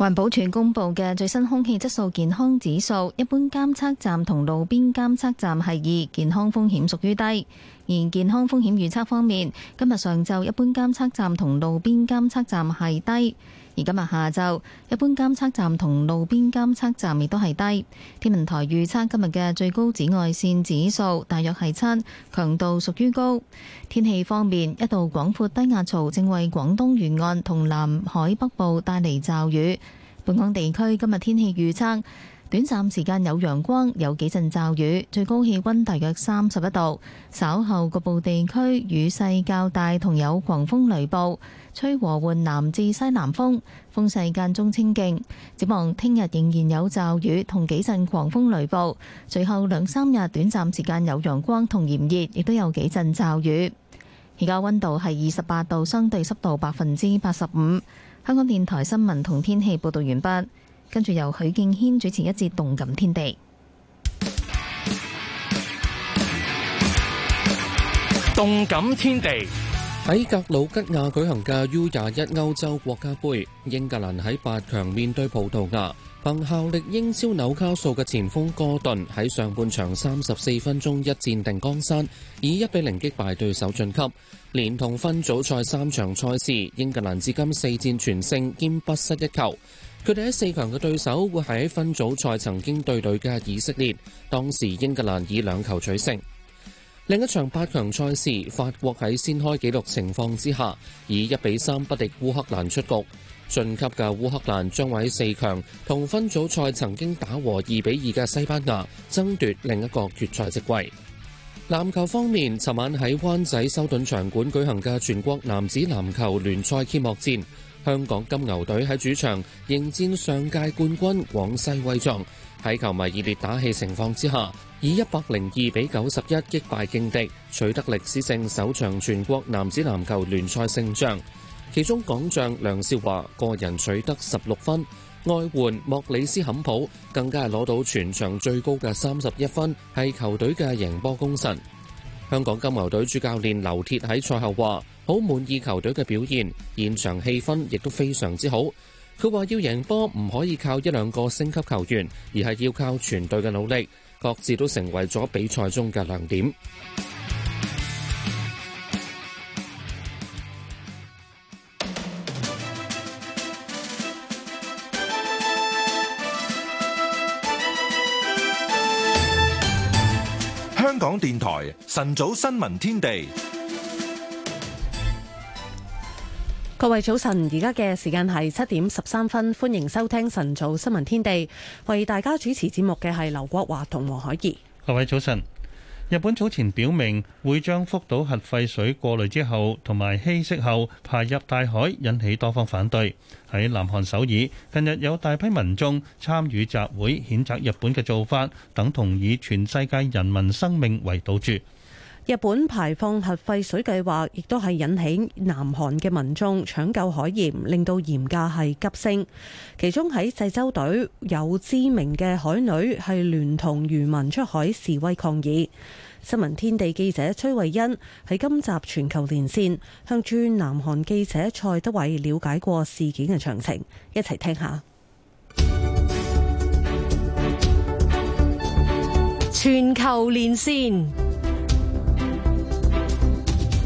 環保署公布嘅最新空氣質素健康指數，一般監測站同路邊監測站係二，健康風險屬於低。而健康風險預測方面，今日上晝一般監測站同路邊監測站係低。而今日下晝，一般監測站同路邊監測站亦都係低。天文台預測今日嘅最高紫外線指數大約係七，強度屬於高。天氣方面，一道廣闊低壓槽正為廣東沿岸同南海北部帶嚟驟雨。本港地區今日天氣預測。短暫時間有陽光，有幾陣驟雨，最高氣温大約三十一度。稍後局部地區雨勢較大，同有狂風雷暴，吹和緩南至西南風，風勢間中清勁。展望聽日仍然有驟雨同幾陣狂風雷暴，隨後兩三日短暫時間有陽光同炎熱，亦都有幾陣驟雨。而家温度係二十八度，相對濕度百分之八十五。香港電台新聞同天氣報道完畢。跟住由許敬軒主持一節動感天地。動感天地，喺格魯吉亞舉行嘅 U 廿一歐洲國家盃，英格蘭喺八強面對葡萄牙，憑效力英超紐卡素嘅前鋒哥頓喺上半場三十四分鐘一戰定江山，以一比零擊敗對手晉級。連同分組賽三場賽事，英格蘭至今四戰全勝兼不失一球。佢哋喺四強嘅對手會喺分組賽曾經對壘嘅以色列，當時英格蘭以兩球取勝。另一場八強賽事，法國喺先開紀錄情況之下，以一比三不敵烏克蘭出局。晉級嘅烏克蘭將會喺四強，同分組賽曾經打和二比二嘅西班牙爭奪另一個決賽席位。籃球方面，尋晚喺灣仔修頓場館舉行嘅全國男子籃球聯賽揭幕戰。香港金牛隊喺主場迎戰上屆冠軍廣西威壯，喺球迷熱烈打氣情況之下，以一百零二比九十一擊敗勁敵，取得歷史性首場全國男子籃球聯賽勝仗。其中港將梁少華個人取得十六分，外援莫里斯坎普更加係攞到全場最高嘅三十一分，係球隊嘅贏波功臣。香港金牛隊主教練劉鐵喺賽後話：好滿意球隊嘅表現，現場氣氛亦都非常之好。佢話要贏波唔可以靠一兩個星級球員，而係要靠全隊嘅努力，各自都成為咗比賽中嘅亮點。電台晨早新聞天地，各位早晨，而家嘅時間係七點十三分，歡迎收聽晨早新聞天地，為大家主持節目嘅係劉國華同黃海怡。各位早晨。日本早前表明會將福島核廢水過濾之後同埋稀釋後排入大海，引起多方反對。喺南韓首爾，近日有大批民眾參與集會譴責日本嘅做法，等同以全世界人民生命為賭注。日本排放核廢水計劃亦都係引起南韓嘅民眾搶救海鹽，令到鹽價係急升。其中喺濟州島有知名嘅海女係聯同漁民出海示威抗議。新聞天地記者崔慧欣喺今集全球連線向駐南韓記者蔡德偉了解過事件嘅詳情，一齊聽一下。全球連線。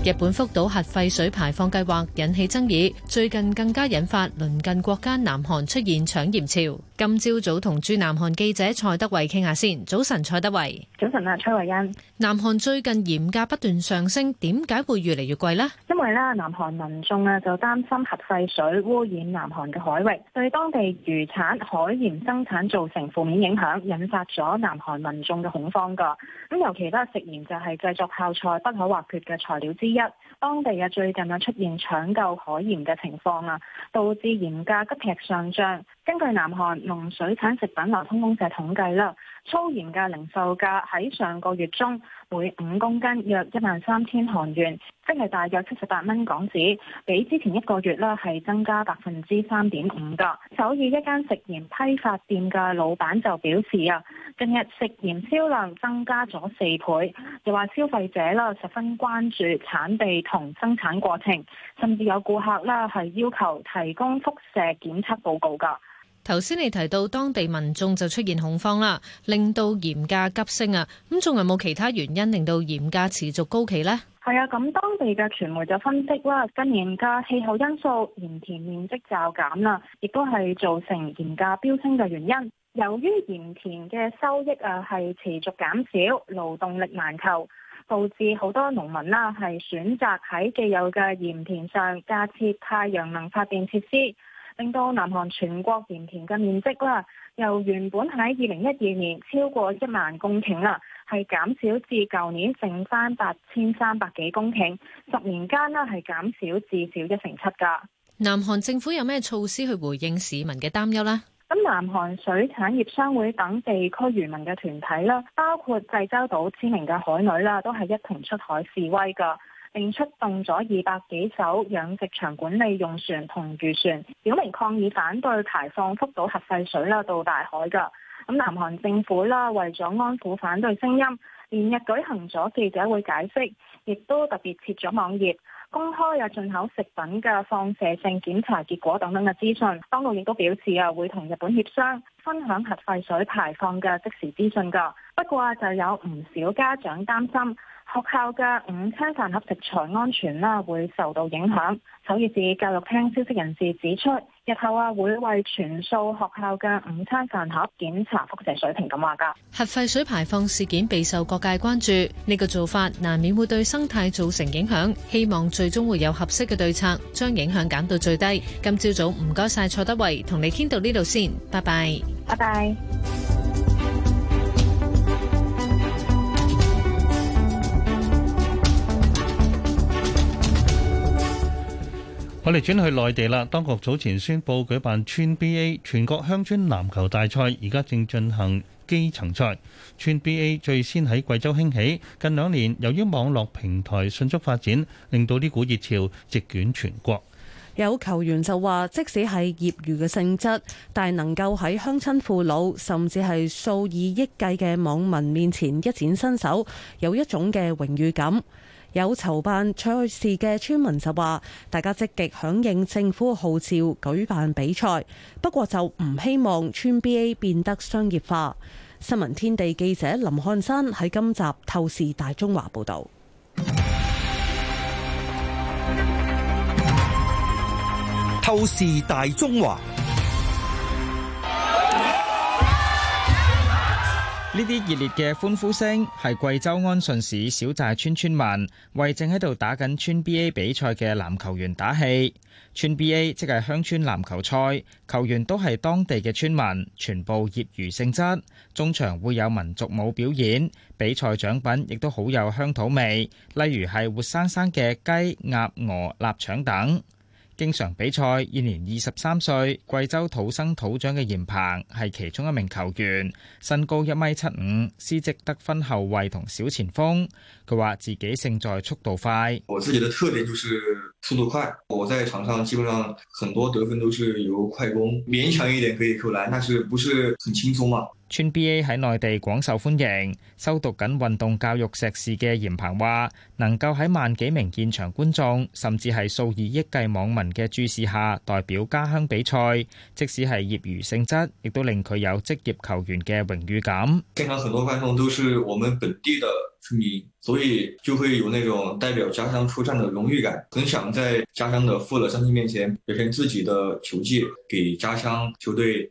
日本福島核廢水排放計劃引起爭議，最近更加引發鄰近國家南韓出現搶鹽潮。今朝早同駐南韓記者蔡德偉傾下先。早晨蔡德偉，早晨啊，崔慧恩。南韓最近鹽價不斷上升，點解會越嚟越貴呢？因為呢，南韓民眾啊就擔心核廢水污染南韓嘅海域，對當地漁產、海鹽生產造成負面影響，引發咗南韓民眾嘅恐慌噶。咁尤其咧，食鹽就係製作泡菜不可或缺嘅材料之一。當地嘅最近啊出現搶購海鹽嘅情況啦，導致鹽價急劇上漲。根據南韓農水產食品流通公社統計啦。粗鹽嘅零售價喺上個月中每五公斤約一萬三千韓元，即係大約七十八蚊港紙，比之前一個月呢係增加百分之三點五㗎。首爾一間食鹽批發店嘅老闆就表示啊，近日食鹽銷量增加咗四倍，又話消費者呢十分關注產地同生產過程，甚至有顧客呢係要求提供輻射檢測報告㗎。頭先你提到當地民眾就出現恐慌啦，令到鹽價急升啊！咁仲有冇其他原因令到鹽價持續高企呢？係啊，咁當地嘅傳媒就分析啦，近年加氣候因素、鹽田面積驟減啦，亦都係造成鹽價飆升嘅原因。由於鹽田嘅收益啊係持續減少，勞動力難求，導致好多農民啦係選擇喺既有嘅鹽田上架設太陽能發電設施。令到南韓全國鹽田嘅面積啦，由原本喺二零一二年超過一萬公頃啦，係減少至舊年剩翻八千三百幾公頃，十年間咧係減少至至少一成七噶。南韓政府有咩措施去回應市民嘅擔憂呢？咁南韓水產業商會等地區漁民嘅團體啦，包括濟州島知名嘅海女啦，都係一同出海示威噶。並出動咗二百幾艘養殖場管理用船同漁船，表明抗議反對排放福島核廢水啦到大海㗎。咁南韓政府啦，為咗安撫反對聲音，連日舉行咗記者會解釋，亦都特別設咗網頁公開有進口食品嘅放射性檢查結果等等嘅資訊。當局亦都表示啊，會同日本協商，分享核廢水排放嘅即時資訊㗎。不過就有唔少家長擔心。學校嘅午餐飯盒食材安全啦，會受到影響。首爾市教育廳消息人士指出，日後啊會為全數學校嘅午餐飯盒檢查輻射水平咁話噶。核廢水排放事件備受各界關注，呢個做法難免會對生態造成影響，希望最終會有合適嘅對策，將影響減到最低。今朝早唔該晒蔡德偉，同你傾到呢度先，拜拜。拜拜。我哋轉去內地啦。當局早前宣布舉辦村 BA 全國鄉村籃球大賽，而家正進行基層賽。村 BA 最先喺貴州興起，近兩年由於網絡平台迅速發展，令到呢股熱潮席捲全國。有球員就話：即使係業餘嘅性質，但係能夠喺鄉親父老甚至係數以億計嘅網民面前一展身手，有一種嘅榮譽感。有籌辦賽事嘅村民就話：大家積極響應政府號召舉辦比賽，不過就唔希望村 BA 變得商業化。新聞天地記者林漢山喺今集《透視大中華》報導。《透視大中華呢啲熱烈嘅歡呼聲係貴州安順市小寨村村民為正喺度打緊村 BA 比賽嘅籃球員打氣。村 BA 即係鄉村籃球賽，球員都係當地嘅村民，全部業餘性質。中場會有民族舞表演，比賽獎品亦都好有鄉土味，例如係活生生嘅雞、鴨、鵝、臘腸等。經常比賽，現年二十三歲，貴州土生土長嘅嚴鵬係其中一名球員，身高一米七五，司職得分後衛同小前鋒。佢話自己勝在速度快。我自己的特點就是速度快，我在場上基本上很多得分都是由快攻，勉強一點可以扣籃，但是不是很輕鬆嘛。村 BA 喺內地廣受歡迎，修讀緊運動教育碩士嘅嚴鵬話：能夠喺萬幾名現場觀眾，甚至係數以億計網民嘅注視下代表家鄉比賽，即使係業餘性質，亦都令佢有職業球員嘅榮譽感。現場很多觀眾都是我們本地的村民，所以就會有那種代表家鄉出戰的榮譽感。很想在家鄉的父老鄉親面前表現自己的球技，給家鄉球隊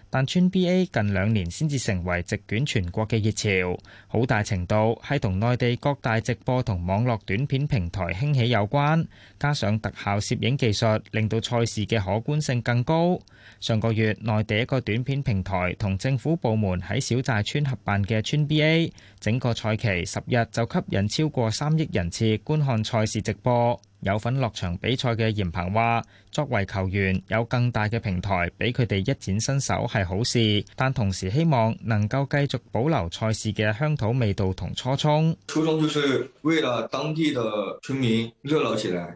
但穿 B A 近兩年先至成為席捲全國嘅熱潮，好大程度係同內地各大直播同網絡短片平台興起有關。加上特效攝影技術，令到賽事嘅可觀性更高。上個月內地一個短片平台同政府部門喺小寨村合辦嘅村 BA，整個賽期十日就吸引超過三億人次觀看賽事直播。有份落場比賽嘅嚴鵬話，作為球員，有更大嘅平台俾佢哋一展身手係好事，但同時希望能夠繼續保留賽事嘅鄉土味道同初衷。初衷就是為了當地的村民熱鬧起來。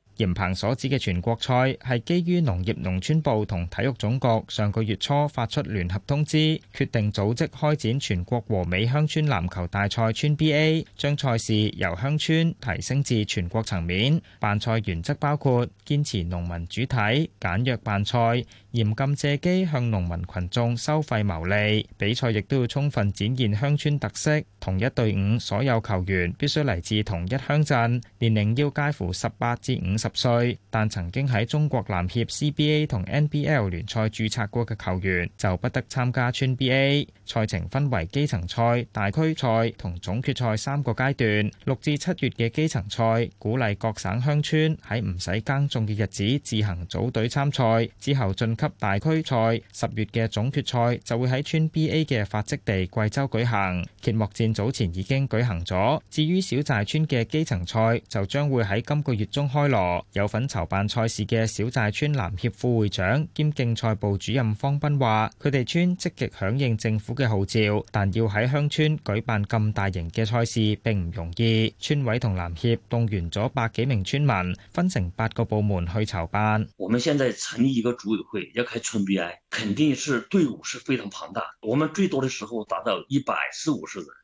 嚴鵬所指嘅全國賽係基於農業農村部同體育總局上個月初發出聯合通知，決定組織開展全國和美鄉村籃球大賽（村 BA），將賽事由鄉村提升至全國層面。辦賽原則包括堅持農民主體、簡約辦賽、嚴禁借機向農民群眾收費牟利。比賽亦都要充分展現鄉村特色，同一隊伍所有球員必須嚟自同一鄉鎮，年齡要介乎十八至五十。歲，但曾經喺中國籃協 CBA 同 NBL 聯賽注冊過嘅球員就不得參加村 BA。賽程分為基層賽、大區賽同總決賽三個階段。六至七月嘅基層賽鼓勵各省鄉村喺唔使耕種嘅日子自行組隊參賽，之後晉級大區賽。十月嘅總決賽就會喺村 BA 嘅發跡地貴州舉行。揭幕戰早前已經舉行咗，至於小寨村嘅基層賽就將會喺今個月中開鑼。有份籌辦賽事嘅小寨村籃協副會長兼競賽部主任方斌話，佢哋村積極響應政府嘅號召，但要喺鄉村舉辦咁大型嘅賽事並唔容易。村委同籃協動員咗百幾名村民，分成八個部門去籌辦。我們現在成立一個組委會，要開村 BA，肯定是隊伍是非常龐大。我們最多的時候達到一百四五十人。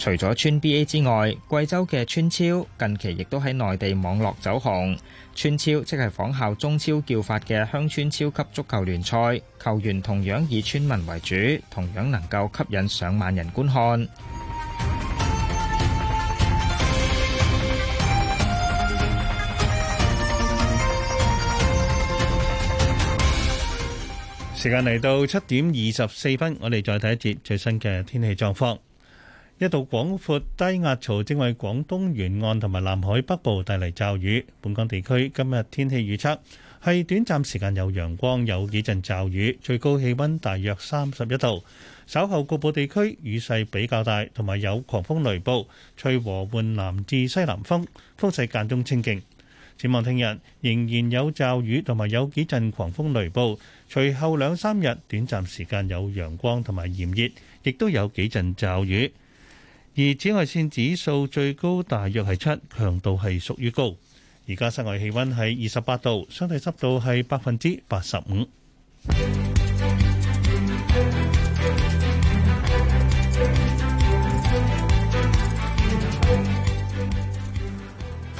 除咗村 BA 之外，貴州嘅村超近期亦都喺內地網絡走紅。村超即係仿效中超叫法嘅鄉村超級足球聯賽，球員同樣以村民為主，同樣能夠吸引上萬人觀看。時間嚟到七點二十四分，我哋再睇一節最新嘅天氣狀況。一度廣闊低壓槽正為廣東沿岸同埋南海北部帶嚟驟雨。本港地區今日天氣預測係短暫時間有陽光，有幾陣驟雨，最高氣温大約三十一度。稍後局部地區雨勢比較大，同埋有狂風雷暴。吹和緩南至西南風，風勢間中清勁。展望聽日仍然有驟雨同埋有幾陣狂風雷暴，隨後兩三日短暫時間有陽光同埋炎熱，亦都有幾陣驟雨。而紫外線指數最高大約係七，強度係屬於高。而家室外氣温係二十八度，相對濕度係百分之八十五。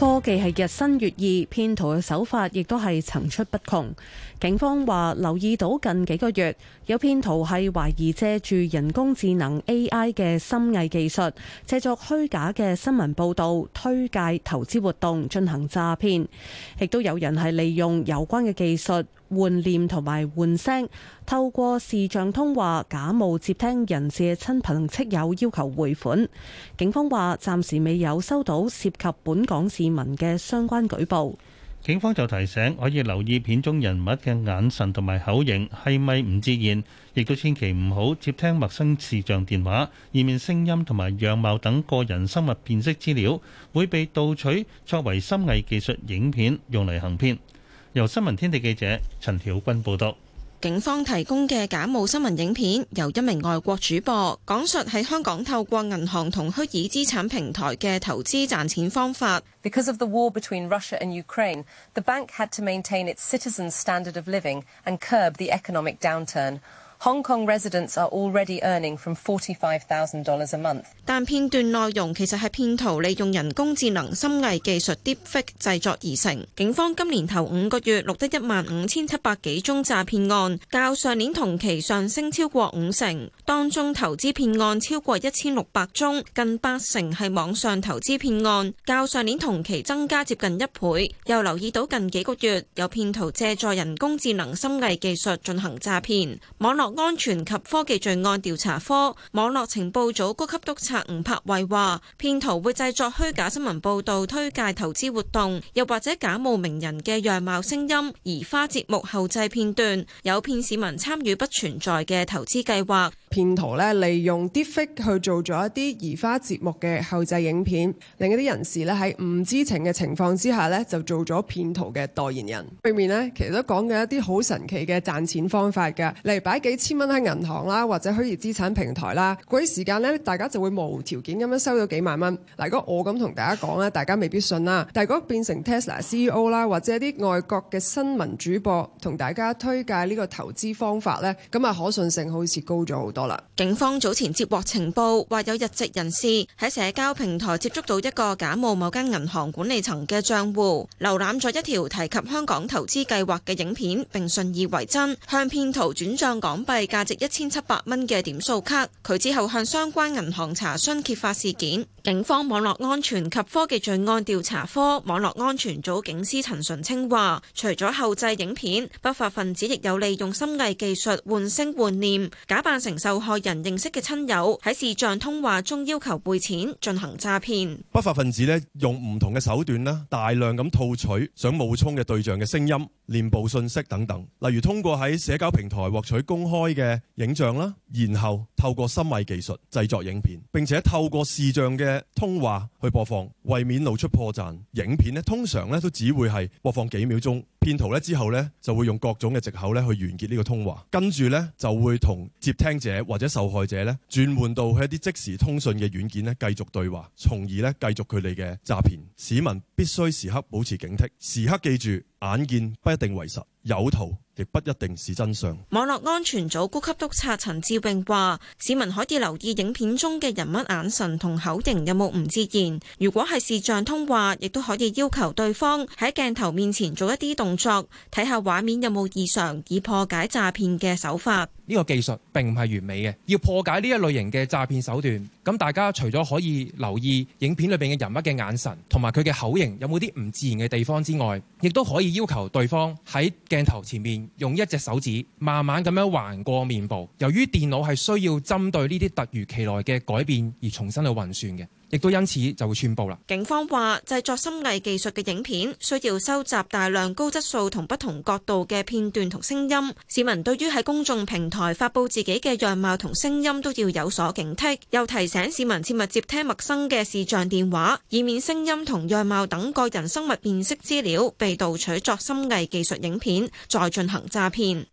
科技係日新月異，騙徒嘅手法亦都係層出不窮。警方話留意到近幾個月有騙徒係懷疑藉住人工智能 AI 嘅深偽技術，製作虛假嘅新聞報導，推介投資活動進行詐騙，亦都有人係利用有關嘅技術換臉同埋換聲。透過視像通話假冒接聽人士親朋戚友要求匯款，警方話暫時未有收到涉及本港市民嘅相關舉報。警方就提醒可以留意片中人物嘅眼神同埋口型係咪唔自然，亦都千祈唔好接聽陌生視像電話，以免聲音同埋樣貌等個人生物辨識資料會被盜取作為深偽技術影片用嚟行騙。由新聞天地記者陳曉君報道。警方提供嘅假冒新聞影片，由一名外國主播講述喺香港透過銀行同虛擬資產平台嘅投資賺錢方法。Because of the war between Russia and Ukraine, the bank had to maintain its citizen's standard of living and curb the economic downturn. 香港 residents are already earning from forty five thousand dollars a month，但片段內容其實係騙徒利用人工智能、心藝技術 Deepfake 製作而成。警方今年頭五個月錄得一萬五千七百幾宗詐騙案，較上年同期上升超過五成。當中投資騙案超過一千六百宗，近八成係網上投資騙案，較上年同期增加接近一倍。又留意到近幾個月有騙徒借助人工智能、心藝技術進行詐騙，網絡。安全及科技罪案調查科網絡情報組高級督察吳柏慧話，騙徒會製作虛假新聞報道推介投資活動，又或者假冒名人嘅樣貌、聲音，移花接木後製片段，誘騙市民參與不存在嘅投資計劃。騙徒咧利用 deepfake 去做咗一啲移花接木嘅後製影片，令一啲人士咧喺唔知情嘅情況之下咧就做咗騙徒嘅代言人。裏面咧其實都講緊一啲好神奇嘅賺錢方法嘅，例如擺幾千蚊喺銀行啦，或者虛擬資產平台啦，嗰啲時間咧大家就會無條件咁樣收到幾萬蚊。嗱，如果我咁同大家講咧，大家未必信啦。但係如果變成 Tesla CEO 啦，或者啲外國嘅新聞主播同大家推介呢個投資方法咧，咁啊可信性好似高咗好多。警方早前接獲情報，話有日籍人士喺社交平台接觸到一個假冒某間銀行管理層嘅賬戶，瀏覽咗一條提及香港投資計劃嘅影片，並信以為真，向騙徒轉賬港幣價值一千七百蚊嘅點數卡。佢之後向相關銀行查詢揭發事件。警方網絡安全及科技罪案調查科網絡安全組警司陳純清話，除咗後製影片，不法分子亦有利用深偽技術換聲換念，假扮成受害人認識嘅親友喺視像通話中要求匯錢進行詐騙。不法分子咧用唔同嘅手段啦，大量咁套取想冒充嘅對象嘅聲音、面部信息等等，例如通過喺社交平台獲取公開嘅影像啦，然後透過深偽技術製作影片，並且透過視像嘅。嘅通話去播放，為免露出破綻，影片呢通常咧都只會係播放幾秒鐘，騙徒咧之後呢，就會用各種嘅借口咧去完結呢個通話，跟住呢，就會同接聽者或者受害者咧轉換到去一啲即時通訊嘅軟件咧繼續對話，從而咧繼續佢哋嘅詐騙。市民必須時刻保持警惕，時刻記住眼見不一定為實，有圖。亦不一定是真相。網絡安全組高級督察陳志穎話，市民可以留意影片中嘅人物眼神同口型有冇唔自然。如果係視像通話，亦都可以要求對方喺鏡頭面前做一啲動作，睇下畫面有冇異常，以破解詐騙嘅手法。呢個技術並唔係完美嘅，要破解呢一類型嘅詐騙手段，咁大家除咗可以留意影片裏面嘅人物嘅眼神同埋佢嘅口型有冇啲唔自然嘅地方之外，亦都可以要求對方喺鏡頭前面用一隻手指慢慢咁樣橫過面部。由於電腦係需要針對呢啲突如其來嘅改變而重新去運算嘅。亦都因此就會全部啦。警方話，製作深偽技術嘅影片需要收集大量高質素同不同角度嘅片段同聲音。市民對於喺公眾平台發布自己嘅樣貌同聲音都要有所警惕。又提醒市民切勿接聽陌生嘅視像電話，以免聲音同樣貌等個人生物辨識資料被盜取作深偽技術影片，再進行詐騙。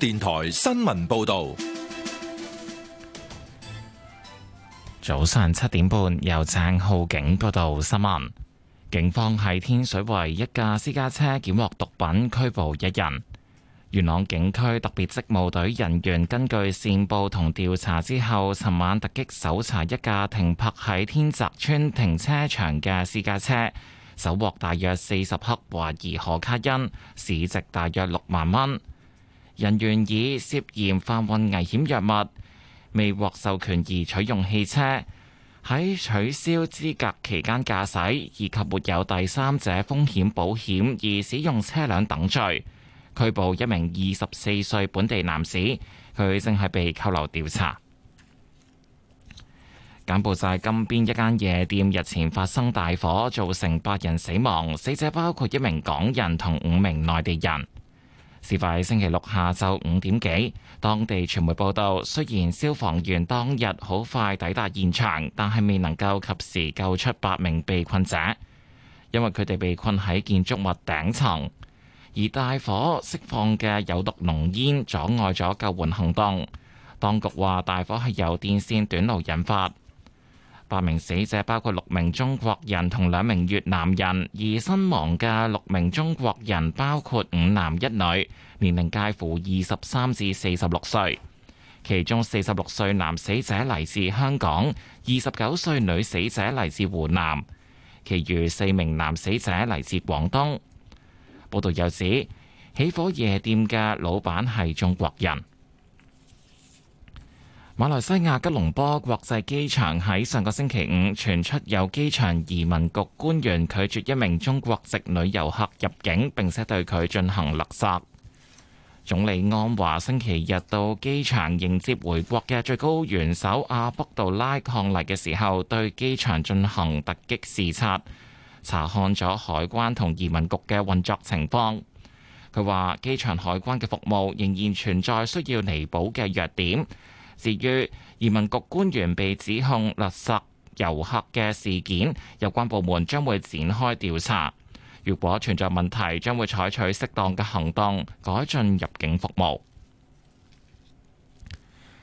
電台新聞報道：早上七點半，由鄭浩景報道新聞。警方喺天水圍一架私家車檢獲毒品，拘捕一人。元朗警區特別職務隊人員根據線報同調查之後，尋晚突擊搜查一架停泊喺天澤村停車場嘅私家車，搜獲大約四十克懷疑可卡因，市值大約六萬蚊。人員以涉嫌販運危險藥物、未獲授權而取用汽車、喺取消資格期間駕駛以及沒有第三者風險保險而使用車輛等罪，拘捕一名二十四歲本地男士，佢正係被扣留調查。柬埔寨金邊一間夜店日前發生大火，造成八人死亡，死者包括一名港人同五名內地人。事發星期六下晝五點幾，當地傳媒報道，雖然消防員當日好快抵達現場，但係未能夠及時救出八名被困者，因為佢哋被困喺建築物頂層，而大火釋放嘅有毒濃煙阻礙咗救援行動。當局話大火係由電線短路引發。八名死者包括六名中國人同兩名越南人，而身亡嘅六名中國人包括五男一女，年齡介乎二十三至四十六歲，其中四十六歲男死者嚟自香港，二十九歲女死者嚟自湖南，其餘四名男死者嚟自廣東。報道又指起火夜店嘅老闆係中國人。馬來西亞吉隆坡國際機場喺上個星期五傳出，有機場移民局官員拒絕一名中國籍女遊客入境，並且對佢進行勒索。總理安華星期日到機場迎接回國嘅最高元首阿卜杜拉抗嚟嘅時候，對機場進行突擊視察，查看咗海關同移民局嘅運作情況。佢話：機場海關嘅服務仍然存在需要彌補嘅弱點。至於移民局官員被指控勒索遊客嘅事件，有關部門將會展開調查。如果存在問題，將會採取適當嘅行動，改進入境服務。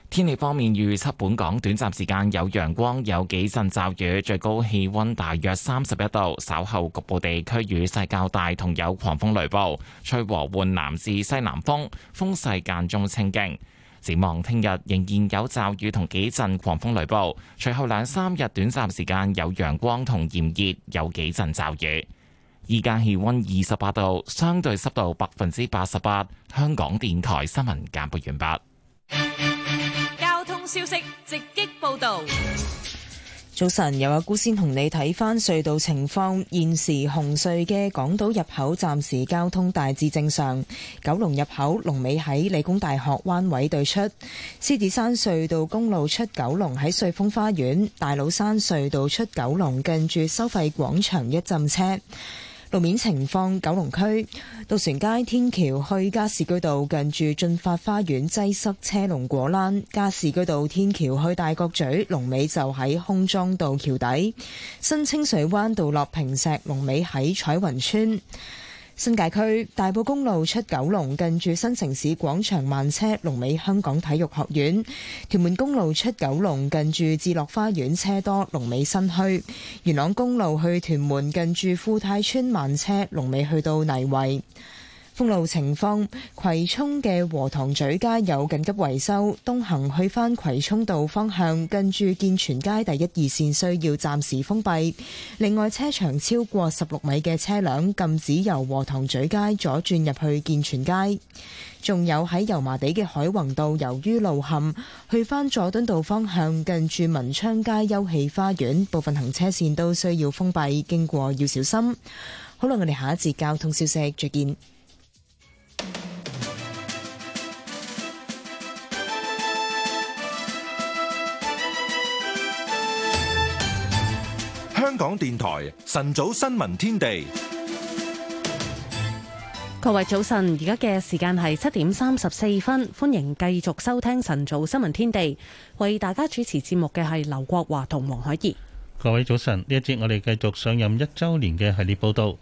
天氣方面預測，本港短暫時間有陽光，有幾陣驟雨，最高氣温大約三十一度。稍後局部地區雨勢較大，同有狂風雷暴，吹和緩南至西南風，風勢間中清勁。展望聽日仍然有驟雨同幾陣狂風雷暴，隨後兩三日短暫時間有陽光同炎熱，有幾陣驟雨。依家氣溫二十八度，相對濕度百分之八十八。香港電台新聞簡報完畢。交通消息直擊報道。早晨，有阿姑先同你睇翻隧道情況。現時紅隧嘅港島入口暫時交通大致正常。九龍入口龍尾喺理工大學灣位對出。獅子山隧道公路出九龍喺瑞峰花園。大老山隧道出九龍近住收費廣場一陣車。路面情況：九龍區渡船街天橋去加士居道近住駿發花園擠塞，車龍果欄；加士居道天橋去大角咀龍尾就喺康莊道橋底；新清水灣道落坪石龍尾喺彩雲村。新界區大埔公路出九龍，近住新城市廣場慢車龍尾香港體育學院，屯門公路出九龍，近住智樂花園車多龍尾新墟，元朗公路去屯門，近住富泰村慢車龍尾去到泥圍。封路情況，葵涌嘅禾塘咀街有緊急維修，東行去翻葵涌道方向，近住健全街第一二線需要暫時封閉。另外，車長超過十六米嘅車輛禁止由禾塘咀街左轉入去健全街。仲有喺油麻地嘅海泓道，由於路陷，去翻佐敦道方向，近住文昌街休憩花園部分行車線都需要封閉，經過要小心。好啦，我哋下一節交通消息再見。港電台晨早新聞天地，各位早晨，而家嘅時間係七點三十四分，歡迎繼續收聽晨早新聞天地。為大家主持節目嘅係劉國華同黃海怡。各位早晨，呢一節我哋繼續上任一周年嘅系列報道，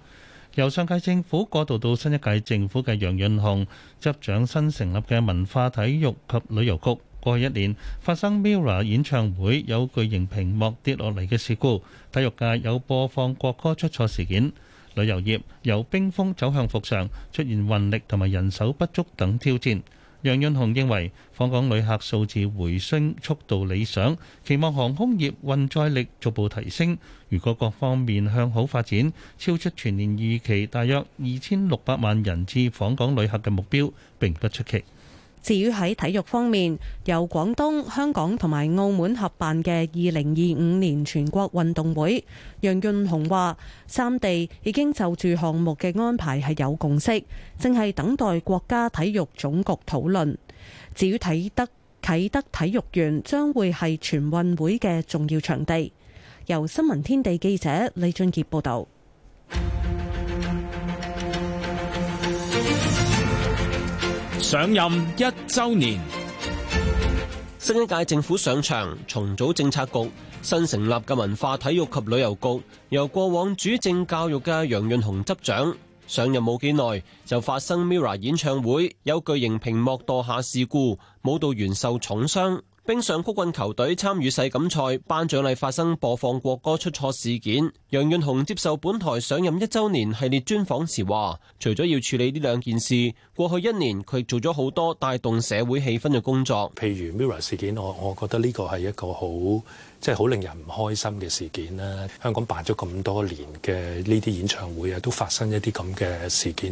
由上屆政府過渡到新一屆政府嘅楊潤雄執掌新成立嘅文化體育及旅遊局。過去一年發生 MIRROR 演唱會有巨型屏幕跌落嚟嘅事故，體育界有播放國歌出錯事件，旅遊業由冰封走向復常，出現運力同埋人手不足等挑戰。楊潤雄認為，訪港旅客數字回升速度理想，期望航空業運載力逐步提升。如果各方面向好發展，超出全年預期大約二千六百萬人次訪港旅客嘅目標並不出奇。至於喺體育方面，由廣東、香港同埋澳門合辦嘅二零二五年全國運動會，楊潤雄話三地已經就住項目嘅安排係有共識，正係等待國家體育總局討論。至於體德啟德體育園將會係全運會嘅重要場地，由新聞天地記者李俊傑報導。上任一周年，新一屆政府上場，重組政策局，新成立嘅文化體育及旅遊局由過往主政教育嘅楊潤雄執掌。上任冇幾耐，就發生 MIRROR 演唱會有巨型屏幕墮下事故，舞蹈員受重傷。冰上曲棍球隊參與世錦賽頒獎禮發生播放國歌出錯事件，楊潤雄接受本台上任一周年系列專訪時話：除咗要處理呢兩件事，過去一年佢亦做咗好多帶動社會氣氛嘅工作。譬如 Mirror 事件，我我覺得呢個係一個好即係好令人唔開心嘅事件啦。香港辦咗咁多年嘅呢啲演唱會啊，都發生一啲咁嘅事件，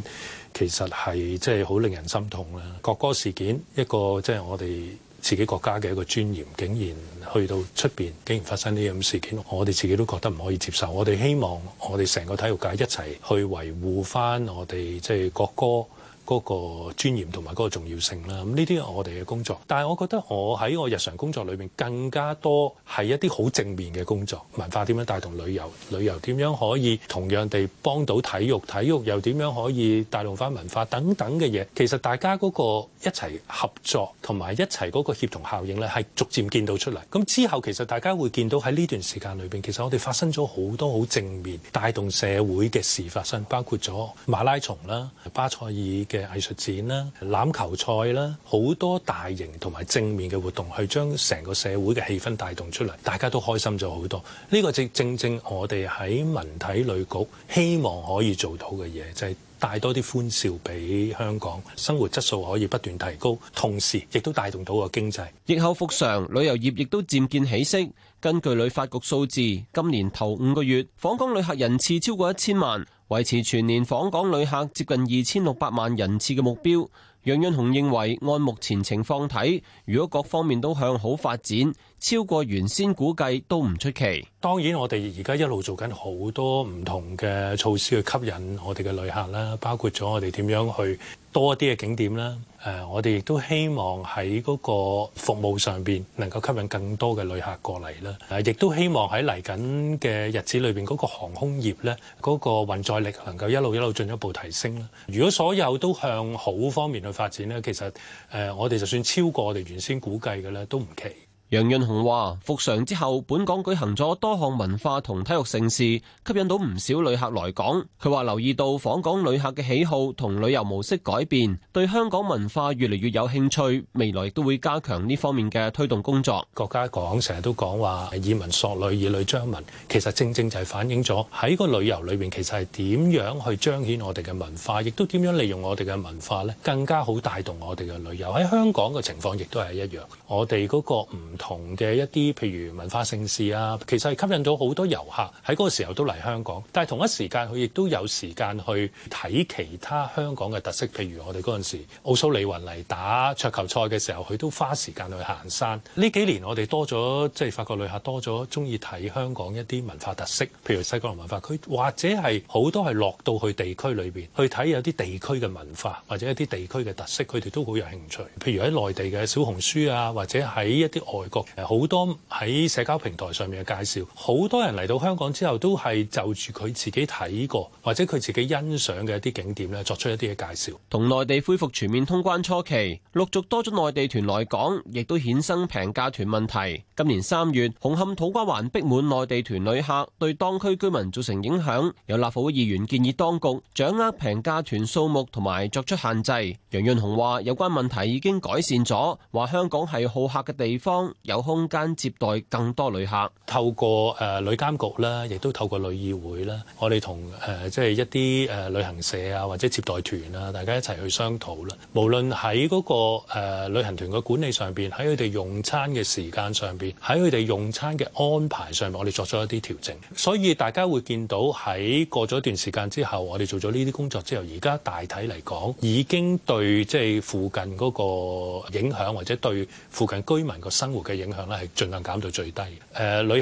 其實係即係好令人心痛啦。國歌事件一個即係、就是、我哋。自己國家嘅一個尊嚴，竟然去到出邊，竟然發生呢啲咁事件，我哋自己都覺得唔可以接受。我哋希望我哋成個體育界一齊去維護翻我哋即係國歌嗰個尊嚴同埋嗰個重要性啦，咁呢啲係我哋嘅工作。但係我覺得我喺我日常工作裏面更加多係一啲好正面嘅工作。文化點樣帶動旅遊？旅遊點樣可以同樣地幫到體育？體育又點樣可以帶動翻文化？等等嘅嘢。其實大家嗰個一齊合作同埋一齊嗰個協同效應咧，係逐漸見到出嚟。咁之後，其實大家會見到喺呢段時間裏邊，其實我哋發生咗好多好正面帶動社會嘅事發生，包括咗馬拉松啦、巴塞爾。嘅藝術展啦、欖球賽啦，好多大型同埋正面嘅活動，係將成個社會嘅氣氛帶動出嚟，大家都開心咗好多。呢個正正正我哋喺文體旅局希望可以做到嘅嘢，就係帶多啲歡笑俾香港，生活質素可以不斷提高，同時亦都帶動到個經濟。疫後復常，旅遊業亦都漸見起色。根據旅發局數字，今年頭五個月，訪港旅客人次超過一千萬。維持全年訪港旅客接近二千六百萬人次嘅目標，楊潤雄認為，按目前情況睇，如果各方面都向好發展。超過原先估計都唔出奇。當然，我哋而家一路做緊好多唔同嘅措施去吸引我哋嘅旅客啦，包括咗我哋點樣去多一啲嘅景點啦。誒，我哋亦都希望喺嗰個服務上邊能夠吸引更多嘅旅客過嚟啦。亦都希望喺嚟緊嘅日子裏邊，嗰個航空業咧，嗰個運載力能夠一路一路進一步提升啦。如果所有都向好方面去發展咧，其實誒，我哋就算超過我哋原先估計嘅咧，都唔奇。楊潤雄話：復常之後，本港舉行咗多項文化同體育盛事，吸引到唔少旅客來港。佢話留意到訪港旅客嘅喜好同旅遊模式改變，對香港文化越嚟越有興趣。未來亦都會加強呢方面嘅推動工作。國家講成日都講話以文塑旅，以旅彰文，其實正正就係反映咗喺個旅遊裏面。其實係點樣去彰顯我哋嘅文化，亦都點樣利用我哋嘅文化呢？更加好帶動我哋嘅旅遊。喺香港嘅情況亦都係一樣，我哋嗰個唔。同嘅一啲譬如文化盛事啊，其實係吸引咗好多遊客喺嗰個時候都嚟香港，但係同一時間佢亦都有時間去睇其他香港嘅特色，譬如我哋嗰陣時奧蘇利雲嚟打桌球賽嘅時候，佢都花時間去行山。呢幾年我哋多咗，即係法國旅客多咗，中意睇香港一啲文化特色，譬如西九龍文化區或者係好多係落到去地區裏邊去睇有啲地區嘅文化或者一啲地區嘅特色，佢哋都好有興趣。譬如喺內地嘅小紅書啊，或者喺一啲外。好多喺社交平台上面嘅介紹，好多人嚟到香港之後都係就住佢自己睇過或者佢自己欣賞嘅一啲景點咧，作出一啲嘅介紹，同內地恢復全面通關初期，陸續多咗內地團來港，亦都衍生平價團問題。今年三月，紅磡土瓜灣逼滿內地團旅客，對當區居民造成影響，有立法會議員建議當局掌握平價團數目同埋作出限制。楊潤雄話有關問題已經改善咗，話香港係好客嘅地方。有空間接待更多旅客。透過誒旅監局啦，亦都透過旅議會啦，我哋同誒即係一啲誒旅行社啊，或者接待團啊，大家一齊去商討啦。無論喺嗰個誒旅行團嘅管理上面，喺佢哋用餐嘅時間上面，喺佢哋用餐嘅安排上面，我哋作咗一啲調整。所以大家會見到喺過咗一段時間之後，我哋做咗呢啲工作之後，而家大體嚟講已經對即係附近嗰個影響，或者對附近居民嘅生活。嘅影響咧，係盡量減到最低的，呃。誒、呃，旅、呃、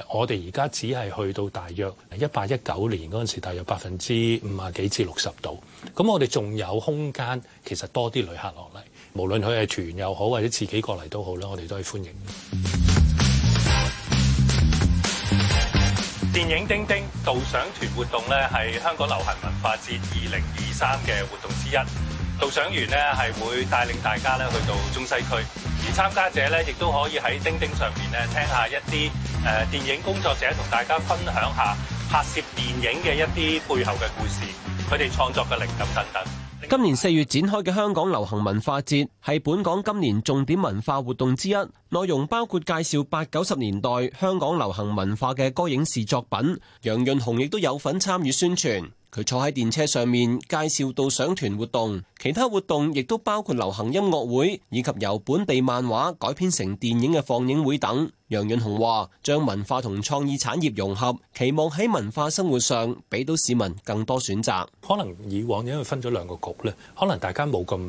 客我哋而家只係去到大約一八一九年嗰陣時，大約百分之五十幾至六十度。咁我哋仲有空間，其實多啲旅客落嚟，無論佢係團又好，或者自己過嚟都好啦，我哋都係歡迎。電影叮叮導賞團活動咧，係香港流行文化節二零二三嘅活動之一。導賞員咧係會帶領大家咧去到中西區。而參加者咧，亦都可以喺叮叮上面咧，聽下一啲誒電影工作者同大家分享下拍攝電影嘅一啲背後嘅故事，佢哋創作嘅靈感等等。今年四月展開嘅香港流行文化節係本港今年重點文化活動之一，內容包括介紹八九十年代香港流行文化嘅歌、影、視作品。楊潤雄亦都有份參與宣傳。佢坐喺電車上面介紹導賞團活動，其他活動亦都包括流行音樂會以及由本地漫畫改編成電影嘅放映會等。楊潤雄話：將文化同創意產業融合，期望喺文化生活上俾到市民更多選擇。可能以往因為分咗兩個局咧，可能大家冇咁。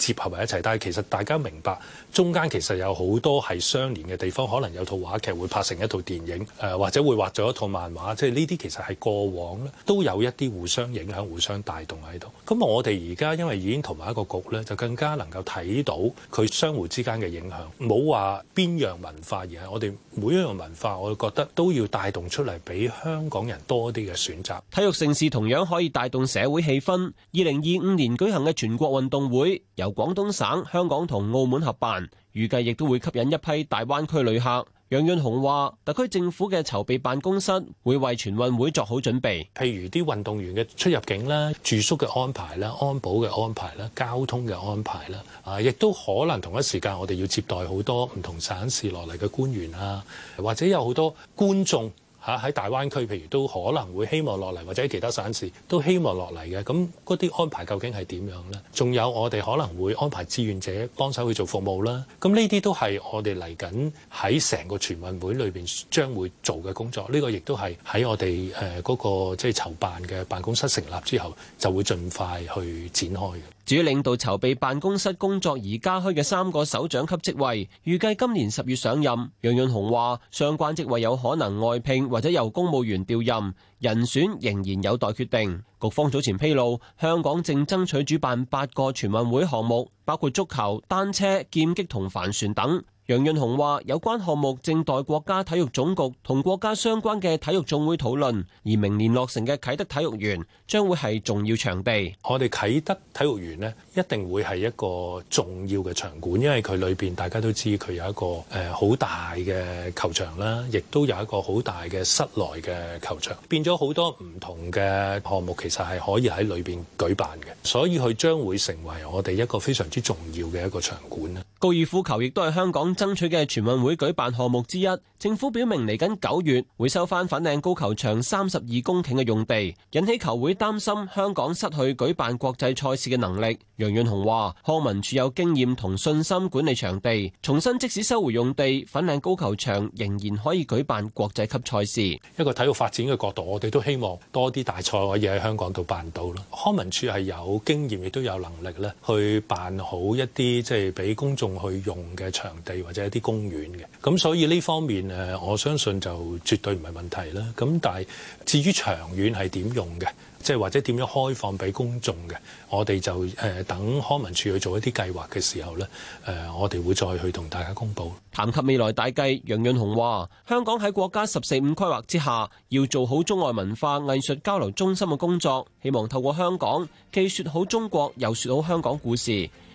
接合埋一齊，但係其實大家明白，中間其實有好多係相連嘅地方，可能有套話劇會拍成一套電影，誒、呃、或者會畫咗一套漫畫，即係呢啲其實，係過往咧都有一啲互相影響互相帶動喺度。咁我哋而家因為已經同埋一個局咧，就更加能夠睇到佢相互之間嘅影響，冇話邊樣文化而係我哋每一樣文化，我，文化我覺得都要帶動出嚟，俾香港人多啲嘅選擇。體育城市同樣可以帶動社會氣氛。二零二五年舉行嘅全國運動會。由廣東省、香港同澳門合辦，預計亦都會吸引一批大灣區旅客。楊潤雄話，特區政府嘅籌備辦公室會為全運會作好準備，譬如啲運動員嘅出入境啦、住宿嘅安排啦、安保嘅安排啦、交通嘅安排啦，啊，亦都可能同一時間我哋要接待好多唔同省市落嚟嘅官員啊，或者有好多觀眾。嚇喺大灣區，譬如都可能會希望落嚟，或者其他省市都希望落嚟嘅。咁嗰啲安排究竟係點樣呢？仲有我哋可能會安排志願者幫手去做服務啦。咁呢啲都係我哋嚟緊喺成個全運會裏邊將會做嘅工作。呢個亦都係喺我哋嗰個即係籌辦嘅辦公室成立之後就會盡快去展開嘅。主要領導籌備辦公室工作，而家開嘅三個首長級職位，預計今年十月上任。楊潤雄話：相關職位有可能外聘，或者由公務員調任，人選仍然有待決定。局方早前披露，香港正爭取主辦八個全運會項目，包括足球、單車、劍擊同帆船等。楊潤雄話：有關項目正待國家體育總局同國家相關嘅體育總會討論，而明年落成嘅啟德體育園將會係重要場地。我哋啟德體育園呢，一定會係一個重要嘅場館，因為佢裏邊大家都知佢有一個誒好大嘅球場啦，亦都有一個好大嘅室內嘅球場，變咗好多唔同嘅項目，其實係可以喺裏邊舉辦嘅，所以佢將會成為我哋一個非常之重要嘅一個場館。高爾夫球亦都係香港爭取嘅全運會舉辦項目之一。政府表明嚟緊九月會收翻粉嶺高球場三十二公頃嘅用地，引起球會擔心香港失去舉辦國際賽事嘅能力。楊潤雄話：康文署有經驗同信心管理場地，重新即使收回用地，粉嶺高球場仍然可以舉辦國際級賽事。一個體育發展嘅角度，我哋都希望多啲大賽可以喺香港度辦到咯。康文署係有經驗，亦都有能力咧去辦好一啲即係俾公眾去用嘅場地或者一啲公園嘅，咁所以呢方面誒，我相信就絕對唔係問題啦。咁但係至於長遠係點用嘅，即係或者點樣開放俾公眾嘅，我哋就誒，等康文署去做一啲計劃嘅時候呢，誒，我哋會再去同大家公布。談及未來大計，楊潤雄話：香港喺國家十四五規劃之下，要做好中外文化藝術交流中心嘅工作，希望透過香港，既説好中國，又説好香港故事。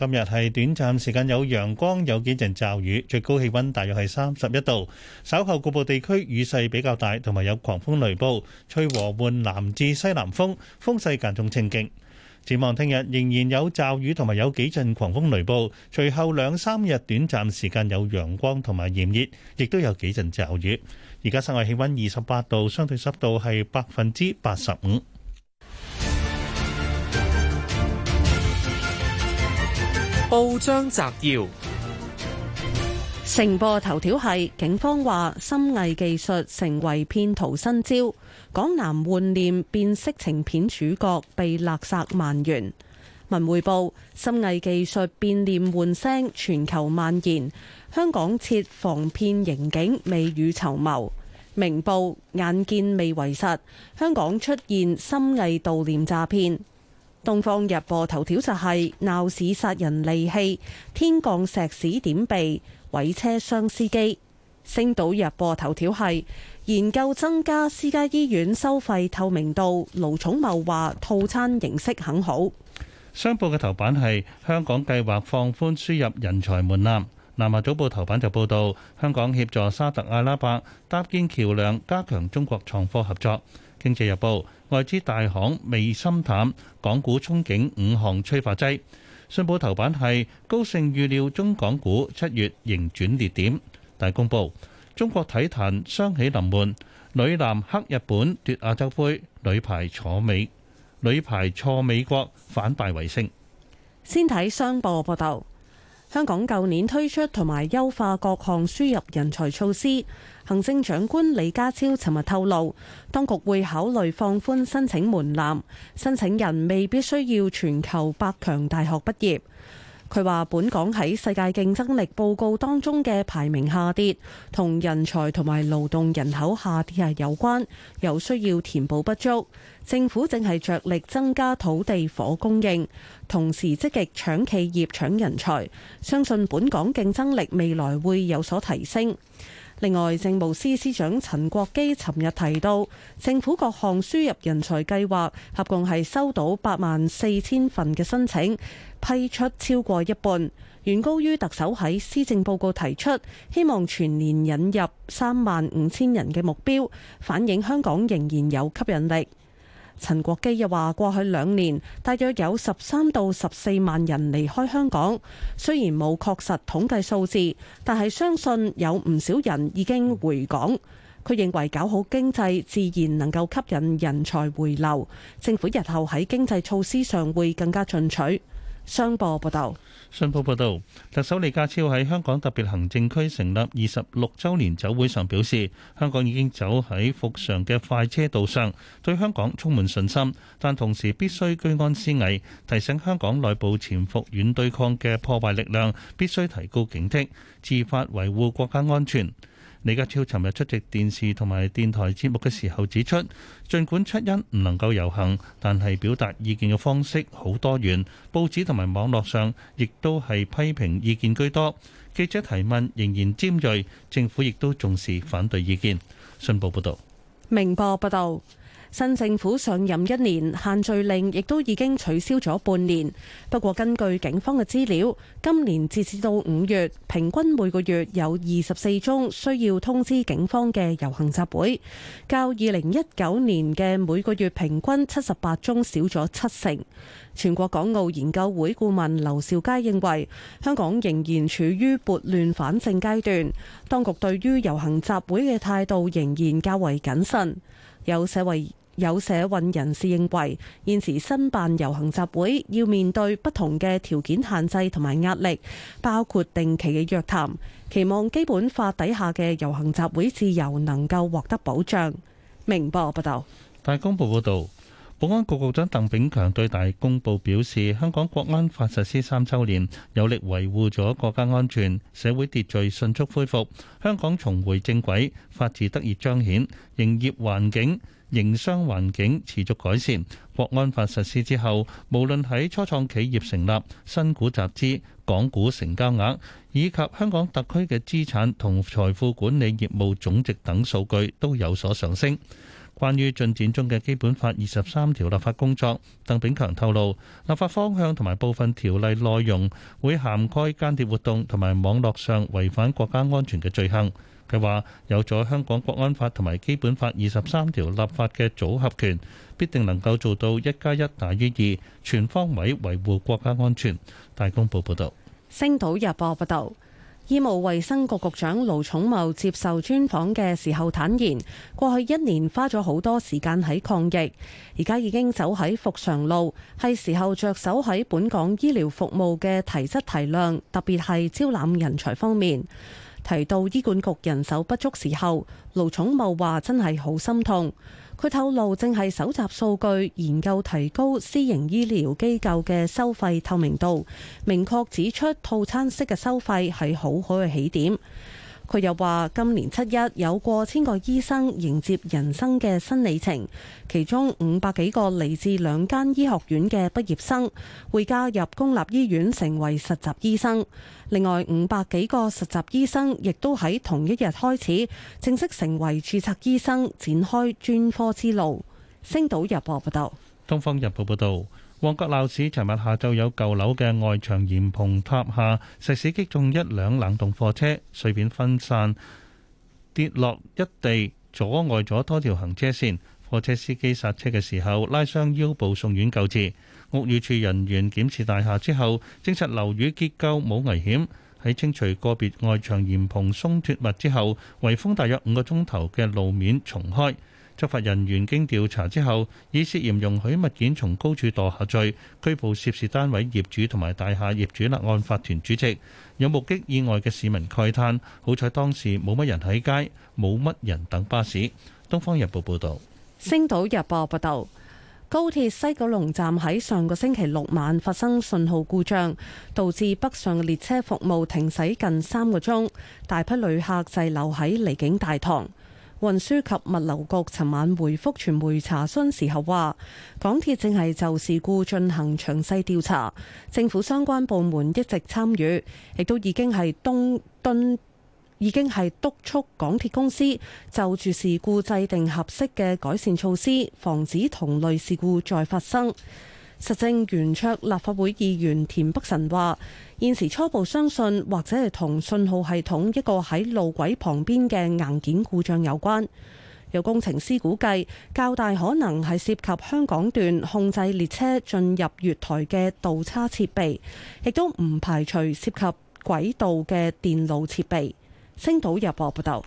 今日係短暫時間有陽光，有幾陣驟雨，最高氣温大約係三十一度。稍後局部地區雨勢比較大，同埋有狂風雷暴，吹和緩南至西南風，風勢間中清勁。展望聽日仍然有驟雨，同埋有幾陣狂風雷暴。隨後兩三日短暫時間有陽光同埋炎熱，亦都有幾陣驟雨。而家室外氣温二十八度，相對濕度係百分之八十五。報章摘要：成報頭條係警方話，深偽技術成為騙徒新招，港男換臉變色情片主角被勒索萬元。文匯報：深偽技術變臉換聲全球蔓延，香港設防騙刑警未雨綢繆。明報：眼見未為實，香港出現深偽盜臉詐騙。東方日報頭條就係鬧市殺人利器，天降石屎點地，毀車傷司機。星島日報頭條係研究增加私家醫院收費透明度，盧寵茂話套餐形式很好。商報嘅頭版係香港計劃放寬輸入人才門檻。南華早報頭版就報道香港協助沙特阿拉伯搭建橋梁，橋加強中國創科合作。經濟日報。外資大行未深淡，港股憧憬五項催化劑。信報頭版係高盛預料中港股七月迎轉捩點。大公報：中國體壇雙喜臨門，女籃克日本奪亞洲盃，女排挫美女排挫美國反敗為勝。先睇商報報道，香港舊年推出同埋優化各項輸入人才措施。行政長官李家超尋日透露，當局會考慮放寬申請門檻，申請人未必需要全球百強大學畢業。佢話，本港喺世界競爭力報告當中嘅排名下跌，同人才同埋勞動人口下跌係有關，又需要填補不足。政府正係着力增加土地、火供應，同時積極搶企業、搶人才，相信本港競爭力未來會有所提升。另外，政務司司長陳國基尋日提到，政府各項輸入人才計劃合共係收到八萬四千份嘅申請，批出超過一半，遠高於特首喺施政報告提出希望全年引入三萬五千人嘅目標，反映香港仍然有吸引力。陳國基又話：過去兩年大約有十三到十四萬人離開香港，雖然冇確實統計數字，但係相信有唔少人已經回港。佢認為搞好經濟，自然能夠吸引人才回流。政府日後喺經濟措施上會更加進取。商報報道。信報報道，特首李家超喺香港特別行政區成立二十六週年酒會上表示，香港已經走喺復常嘅快車道上，對香港充滿信心，但同時必須居安思危，提醒香港內部潛伏軟對抗嘅破壞力量必須提高警惕，自發維護國家安全。李家超尋日出席電視同埋電台節目嘅時候指出，儘管七一唔能夠遊行，但係表達意見嘅方式好多元，報紙同埋網絡上亦都係批評意見居多。記者提問仍然尖鋭，政府亦都重視反對意見。信報報道。明報報道。新政府上任一年，限聚令亦都已經取消咗半年。不過根據警方嘅資料，今年截至到五月，平均每個月有二十四宗需要通知警方嘅遊行集會，較二零一九年嘅每個月平均七十八宗少咗七成。全國港澳研究會顧問劉兆佳認為，香港仍然處於撥亂反正階段，當局對於遊行集會嘅態度仍然較為謹慎。有社會有社運人士認為，現時申辦遊行集會要面對不同嘅條件限制同埋壓力，包括定期嘅約談。期望基本法底下嘅遊行集會自由能夠獲得保障。明報報道大公報報道，保安局局長鄧炳強對大公報表示，香港國安法實施三週年，有力維護咗國家安全，社會秩序迅速恢復，香港重回正軌，法治得以彰顯，營業環境。營商環境持續改善，國安法實施之後，無論喺初創企業成立、新股集資、港股成交額以及香港特區嘅資產同財富管理業務總值等數據都有所上升。關於進展中嘅基本法二十三條立法工作，鄧炳強透露，立法方向同埋部分條例內容會涵蓋間諜活動同埋網絡上違反國家安全嘅罪行。佢話：有咗香港國安法同埋基本法二十三條立法嘅組合拳，必定能夠做到一加一大於二，全方位維護國家安全。大公報報道，星島日報報道，醫務衛生局局長盧寵茂接受專訪嘅時候坦言，過去一年花咗好多時間喺抗疫，而家已經走喺復常路，係時候着手喺本港醫療服務嘅提質提量，特別係招攬人才方面。提到醫管局人手不足時候，盧寵茂話真係好心痛。佢透露正係搜集數據，研究提高私營醫療機構嘅收費透明度，明確指出套餐式嘅收費係好好嘅起點。佢又話：今年七一有過千個醫生迎接人生嘅新里程，其中五百幾個嚟自兩間醫學院嘅畢業生會加入公立醫院成為實習醫生，另外五百幾個實習醫生亦都喺同一日開始正式成為註冊醫生，展開專科之路。星島日報報道。東方日報報道。旺角鬧市，尋日下晝有舊樓嘅外牆檐篷塌下，石屎擊中一輛冷凍貨車，碎片分散跌落一地，阻礙咗多條行車線。貨車司機剎車嘅時候拉傷腰部，送院救治。屋宇署人員檢視大廈之後，證實樓宇結構冇危險。喺清除個別外牆檐篷鬆脱物之後，圍封大約五個鐘頭嘅路面重開。執法人員經調查之後，以涉嫌容許物件從高處墮下罪拘捕涉事單位業主同埋大廈業主立案法團主席。有目擊意外嘅市民慨嘆：好彩當時冇乜人喺街，冇乜人等巴士。《東方日報》報道。《星島日報》報道，高鐵西九龍站喺上個星期六晚發生信號故障，導致北上列車服務停駛近三個鐘，大批旅客滯留喺離境大堂。運輸及物流局尋晚回覆傳媒查詢時候話，港鐵正係就事故進行詳細調查，政府相關部門一直參與，亦都已經係敦敦，已經係督促港鐵公司就住事故制定合適嘅改善措施，防止同類事故再發生。實政圓桌立法會議員田北辰話：現時初步相信，或者係同信號系統一個喺路軌旁邊嘅硬件故障有關。有工程師估計，較大可能係涉及香港段控制列車進入月台嘅道岔設備，亦都唔排除涉及軌道嘅電路設備。星島日報報道。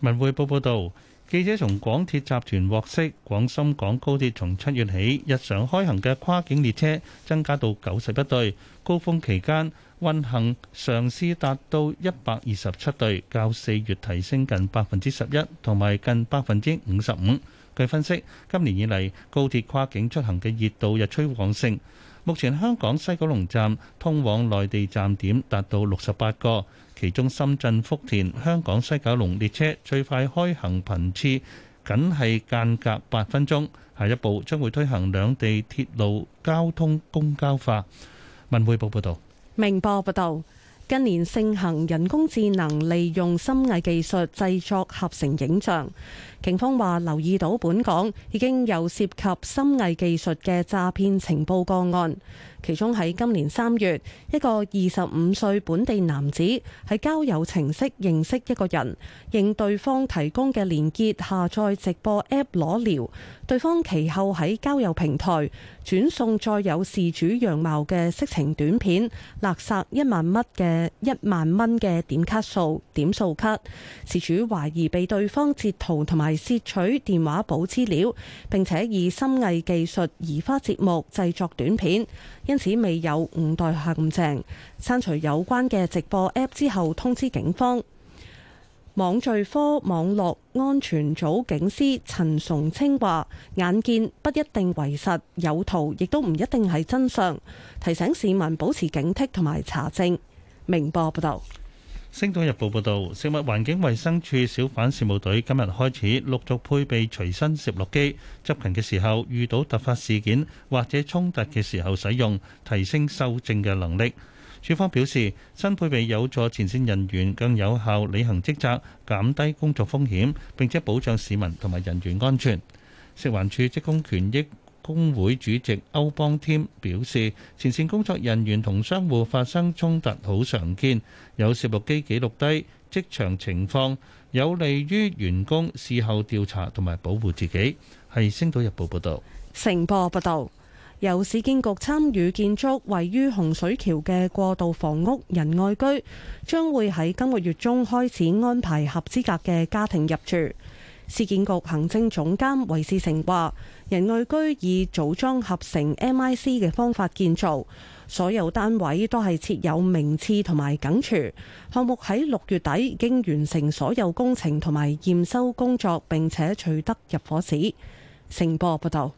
文匯報報道。記者從廣鐵集團獲悉，廣深港高鐵從七月起日常開行嘅跨境列車增加到九十一對，高峰期間運行上時達到一百二十七對，較四月提升近百分之十一，同埋近百分之五十五。據分析，今年以嚟，高鐵跨境出行嘅熱度日趨旺盛。目前香港西九龍站通往內地站點達到六十八個。其中深圳福田、香港西九龍列車最快開行頻次僅係間隔八分鐘，下一步將會推行兩地鐵路交通公交化。文匯報報道，明報報道。近年盛行人工智能利用深藝技術製作合成影像，警方話留意到本港已經有涉及深藝技術嘅詐騙情報個案。其中喺今年三月，一個二十五歲本地男子喺交友程式認識一個人，認對方提供嘅連結下載直播 App 裸聊。對方其後喺交友平台轉送載有事主樣貌嘅色情短片，勒索一萬蚊嘅一萬蚊嘅點卡數點數卡。事主懷疑被對方截圖同埋竊取電話簿資料，並且以深偽技術移花接木製作短片，因此未有誤墮陷阱。刪除有關嘅直播 App 之後，通知警方。網罪科網絡安全組警司陳崇清話：眼見不一定為實，有圖亦都唔一定係真相，提醒市民保持警惕同埋查證。明報報道，《星島日報》報道。食物環境衛生署小販事務隊今日開始陸續配備隨身攝錄機，執勤嘅時候遇到突發事件或者衝突嘅時候使用，提升修正嘅能力。署方表示，新配備有助前線人員更有效履行職責，減低工作風險，並且保障市民同埋人員安全。食環署職工權益工會主席歐邦添表示，前線工作人員同商戶發生衝突好常見，有攝錄機記錄低職場情況，有利於員工事後調查同埋保護自己。係星島日報報導，城播報導。由市建局參與建築，位於洪水橋嘅過渡房屋仁愛居，將會喺今個月中開始安排合資格嘅家庭入住。市建局行政總監韋志成話，仁愛居以組裝合成 M I C 嘅方法建造，所有單位都係設有名次同埋梗廚。項目喺六月底已經完成所有工程同埋驗收工作，並且取得入伙紙。盛波報道。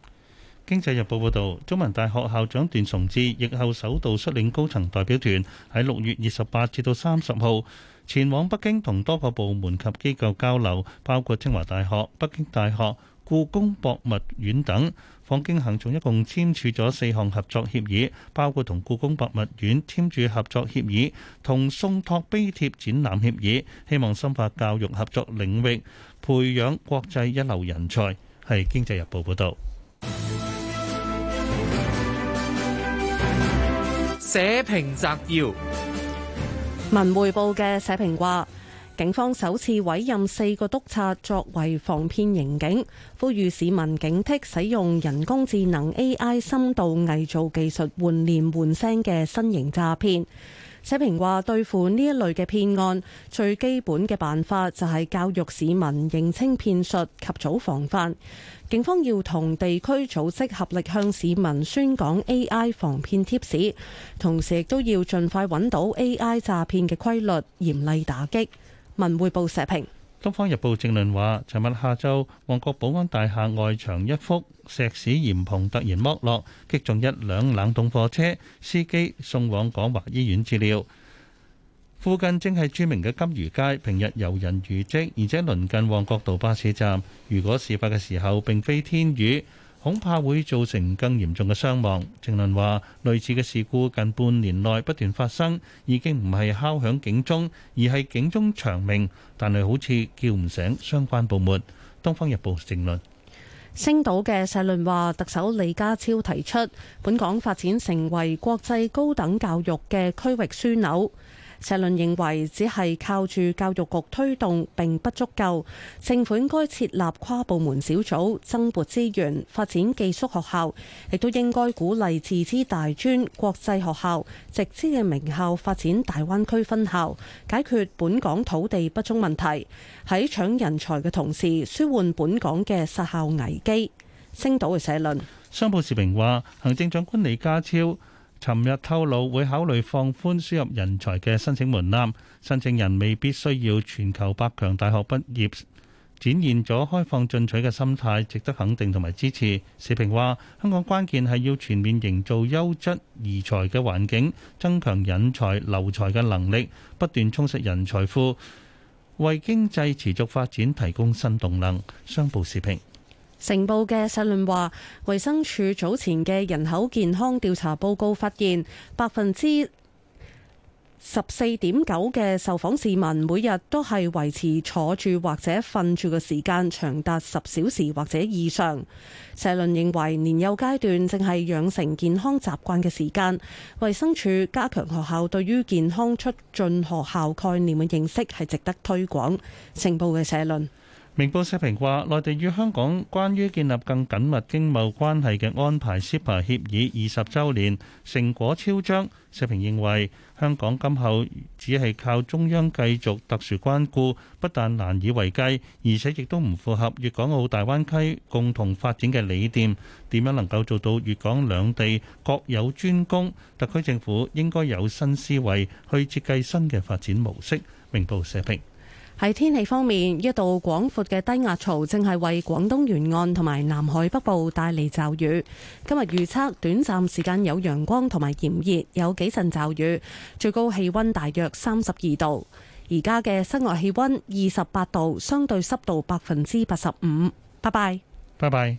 經濟日報報導，中文大學校長段崇智疫後首度率領高層代表團，喺六月二十八至到三十號前往北京，同多個部門及機構交流，包括清華大學、北京大學、故宮博物院等訪京行，仲一共簽署咗四項合作協議，包括同故宮博物院簽署合作協議、同宋拓碑帖展覽協議，希望深化教育合作領域，培養國際一流人才。係經濟日報報導。社評摘要：文匯報嘅社評話，警方首次委任四個督察作為防騙刑警，呼籲市民警惕，使用人工智能 AI 深度偽造技術換臉換聲嘅新型詐騙。社評話，對付呢一類嘅騙案，最基本嘅辦法就係教育市民認清騙術及早防範。警方要同地區組織合力向市民宣講 AI 防騙貼士，同時亦都要盡快揾到 AI 詐騙嘅規律，嚴厲打擊。文匯報社評。東方日報正論話，尋日下晝，旺角保安大廈外牆一幅石屎簷篷突然剝落，擊中一輛冷凍貨車，司機送往廣華醫院治療。附近正係著名嘅金魚街，平日遊人如織，而且鄰近旺角道巴士站。如果事發嘅時候並非天雨，恐怕會造成更嚴重嘅傷亡。正論話，類似嘅事故近半年內不斷發生，已經唔係敲響警鐘，而係警鐘長鳴，但係好似叫唔醒相關部門。《東方日報》正論。星島嘅社論話，特首李家超提出，本港發展成為國際高等教育嘅區域樞紐。社論認為只係靠住教育局推動並不足夠，政府應該設立跨部門小組，增撥資源發展寄宿學校，亦都應該鼓勵自資大專、國際學校、直資嘅名校發展大灣區分校，解決本港土地不足問題。喺搶人才嘅同時，舒緩本港嘅失效危機。星島嘅社論，商報時評話，行政長官李家超。尋日透露會考慮放寬輸入人才嘅申請門檻，申請人未必需要全球百強大學畢業，展現咗開放進取嘅心態，值得肯定同埋支持。社評話，香港關鍵係要全面營造優質移才嘅環境，增強引才留才嘅能力，不斷充實人才庫，為經濟持續發展提供新動能。商報社評。成報嘅社論話，衛生署早前嘅人口健康調查報告發現，百分之十四點九嘅受訪市民每日都係維持坐住或者瞓住嘅時間長達十小時或者以上。社論認為年幼階段正係養成健康習慣嘅時間，衛生署加強學校對於健康促進學校概念嘅認識係值得推廣。成報嘅社論。明報社評話，內地與香港關於建立更緊密經貿關係嘅安排 （CEPA） 協議二十週年成果超章。社評認為，香港今後只係靠中央繼續特殊關顧，不但難以為繼，而且亦都唔符合粵港澳大灣區共同發展嘅理念。點樣能夠做到粵港兩地各有專攻？特區政府應該有新思維去設計新嘅發展模式。明報社評。喺天氣方面，一度廣闊嘅低壓槽正係為廣東沿岸同埋南海北部帶嚟驟雨。今日預測短暫時間有陽光同埋炎熱，有幾陣驟雨，最高氣溫大約三十二度。而家嘅室外氣溫二十八度，相對濕度百分之八十五。拜拜，拜拜。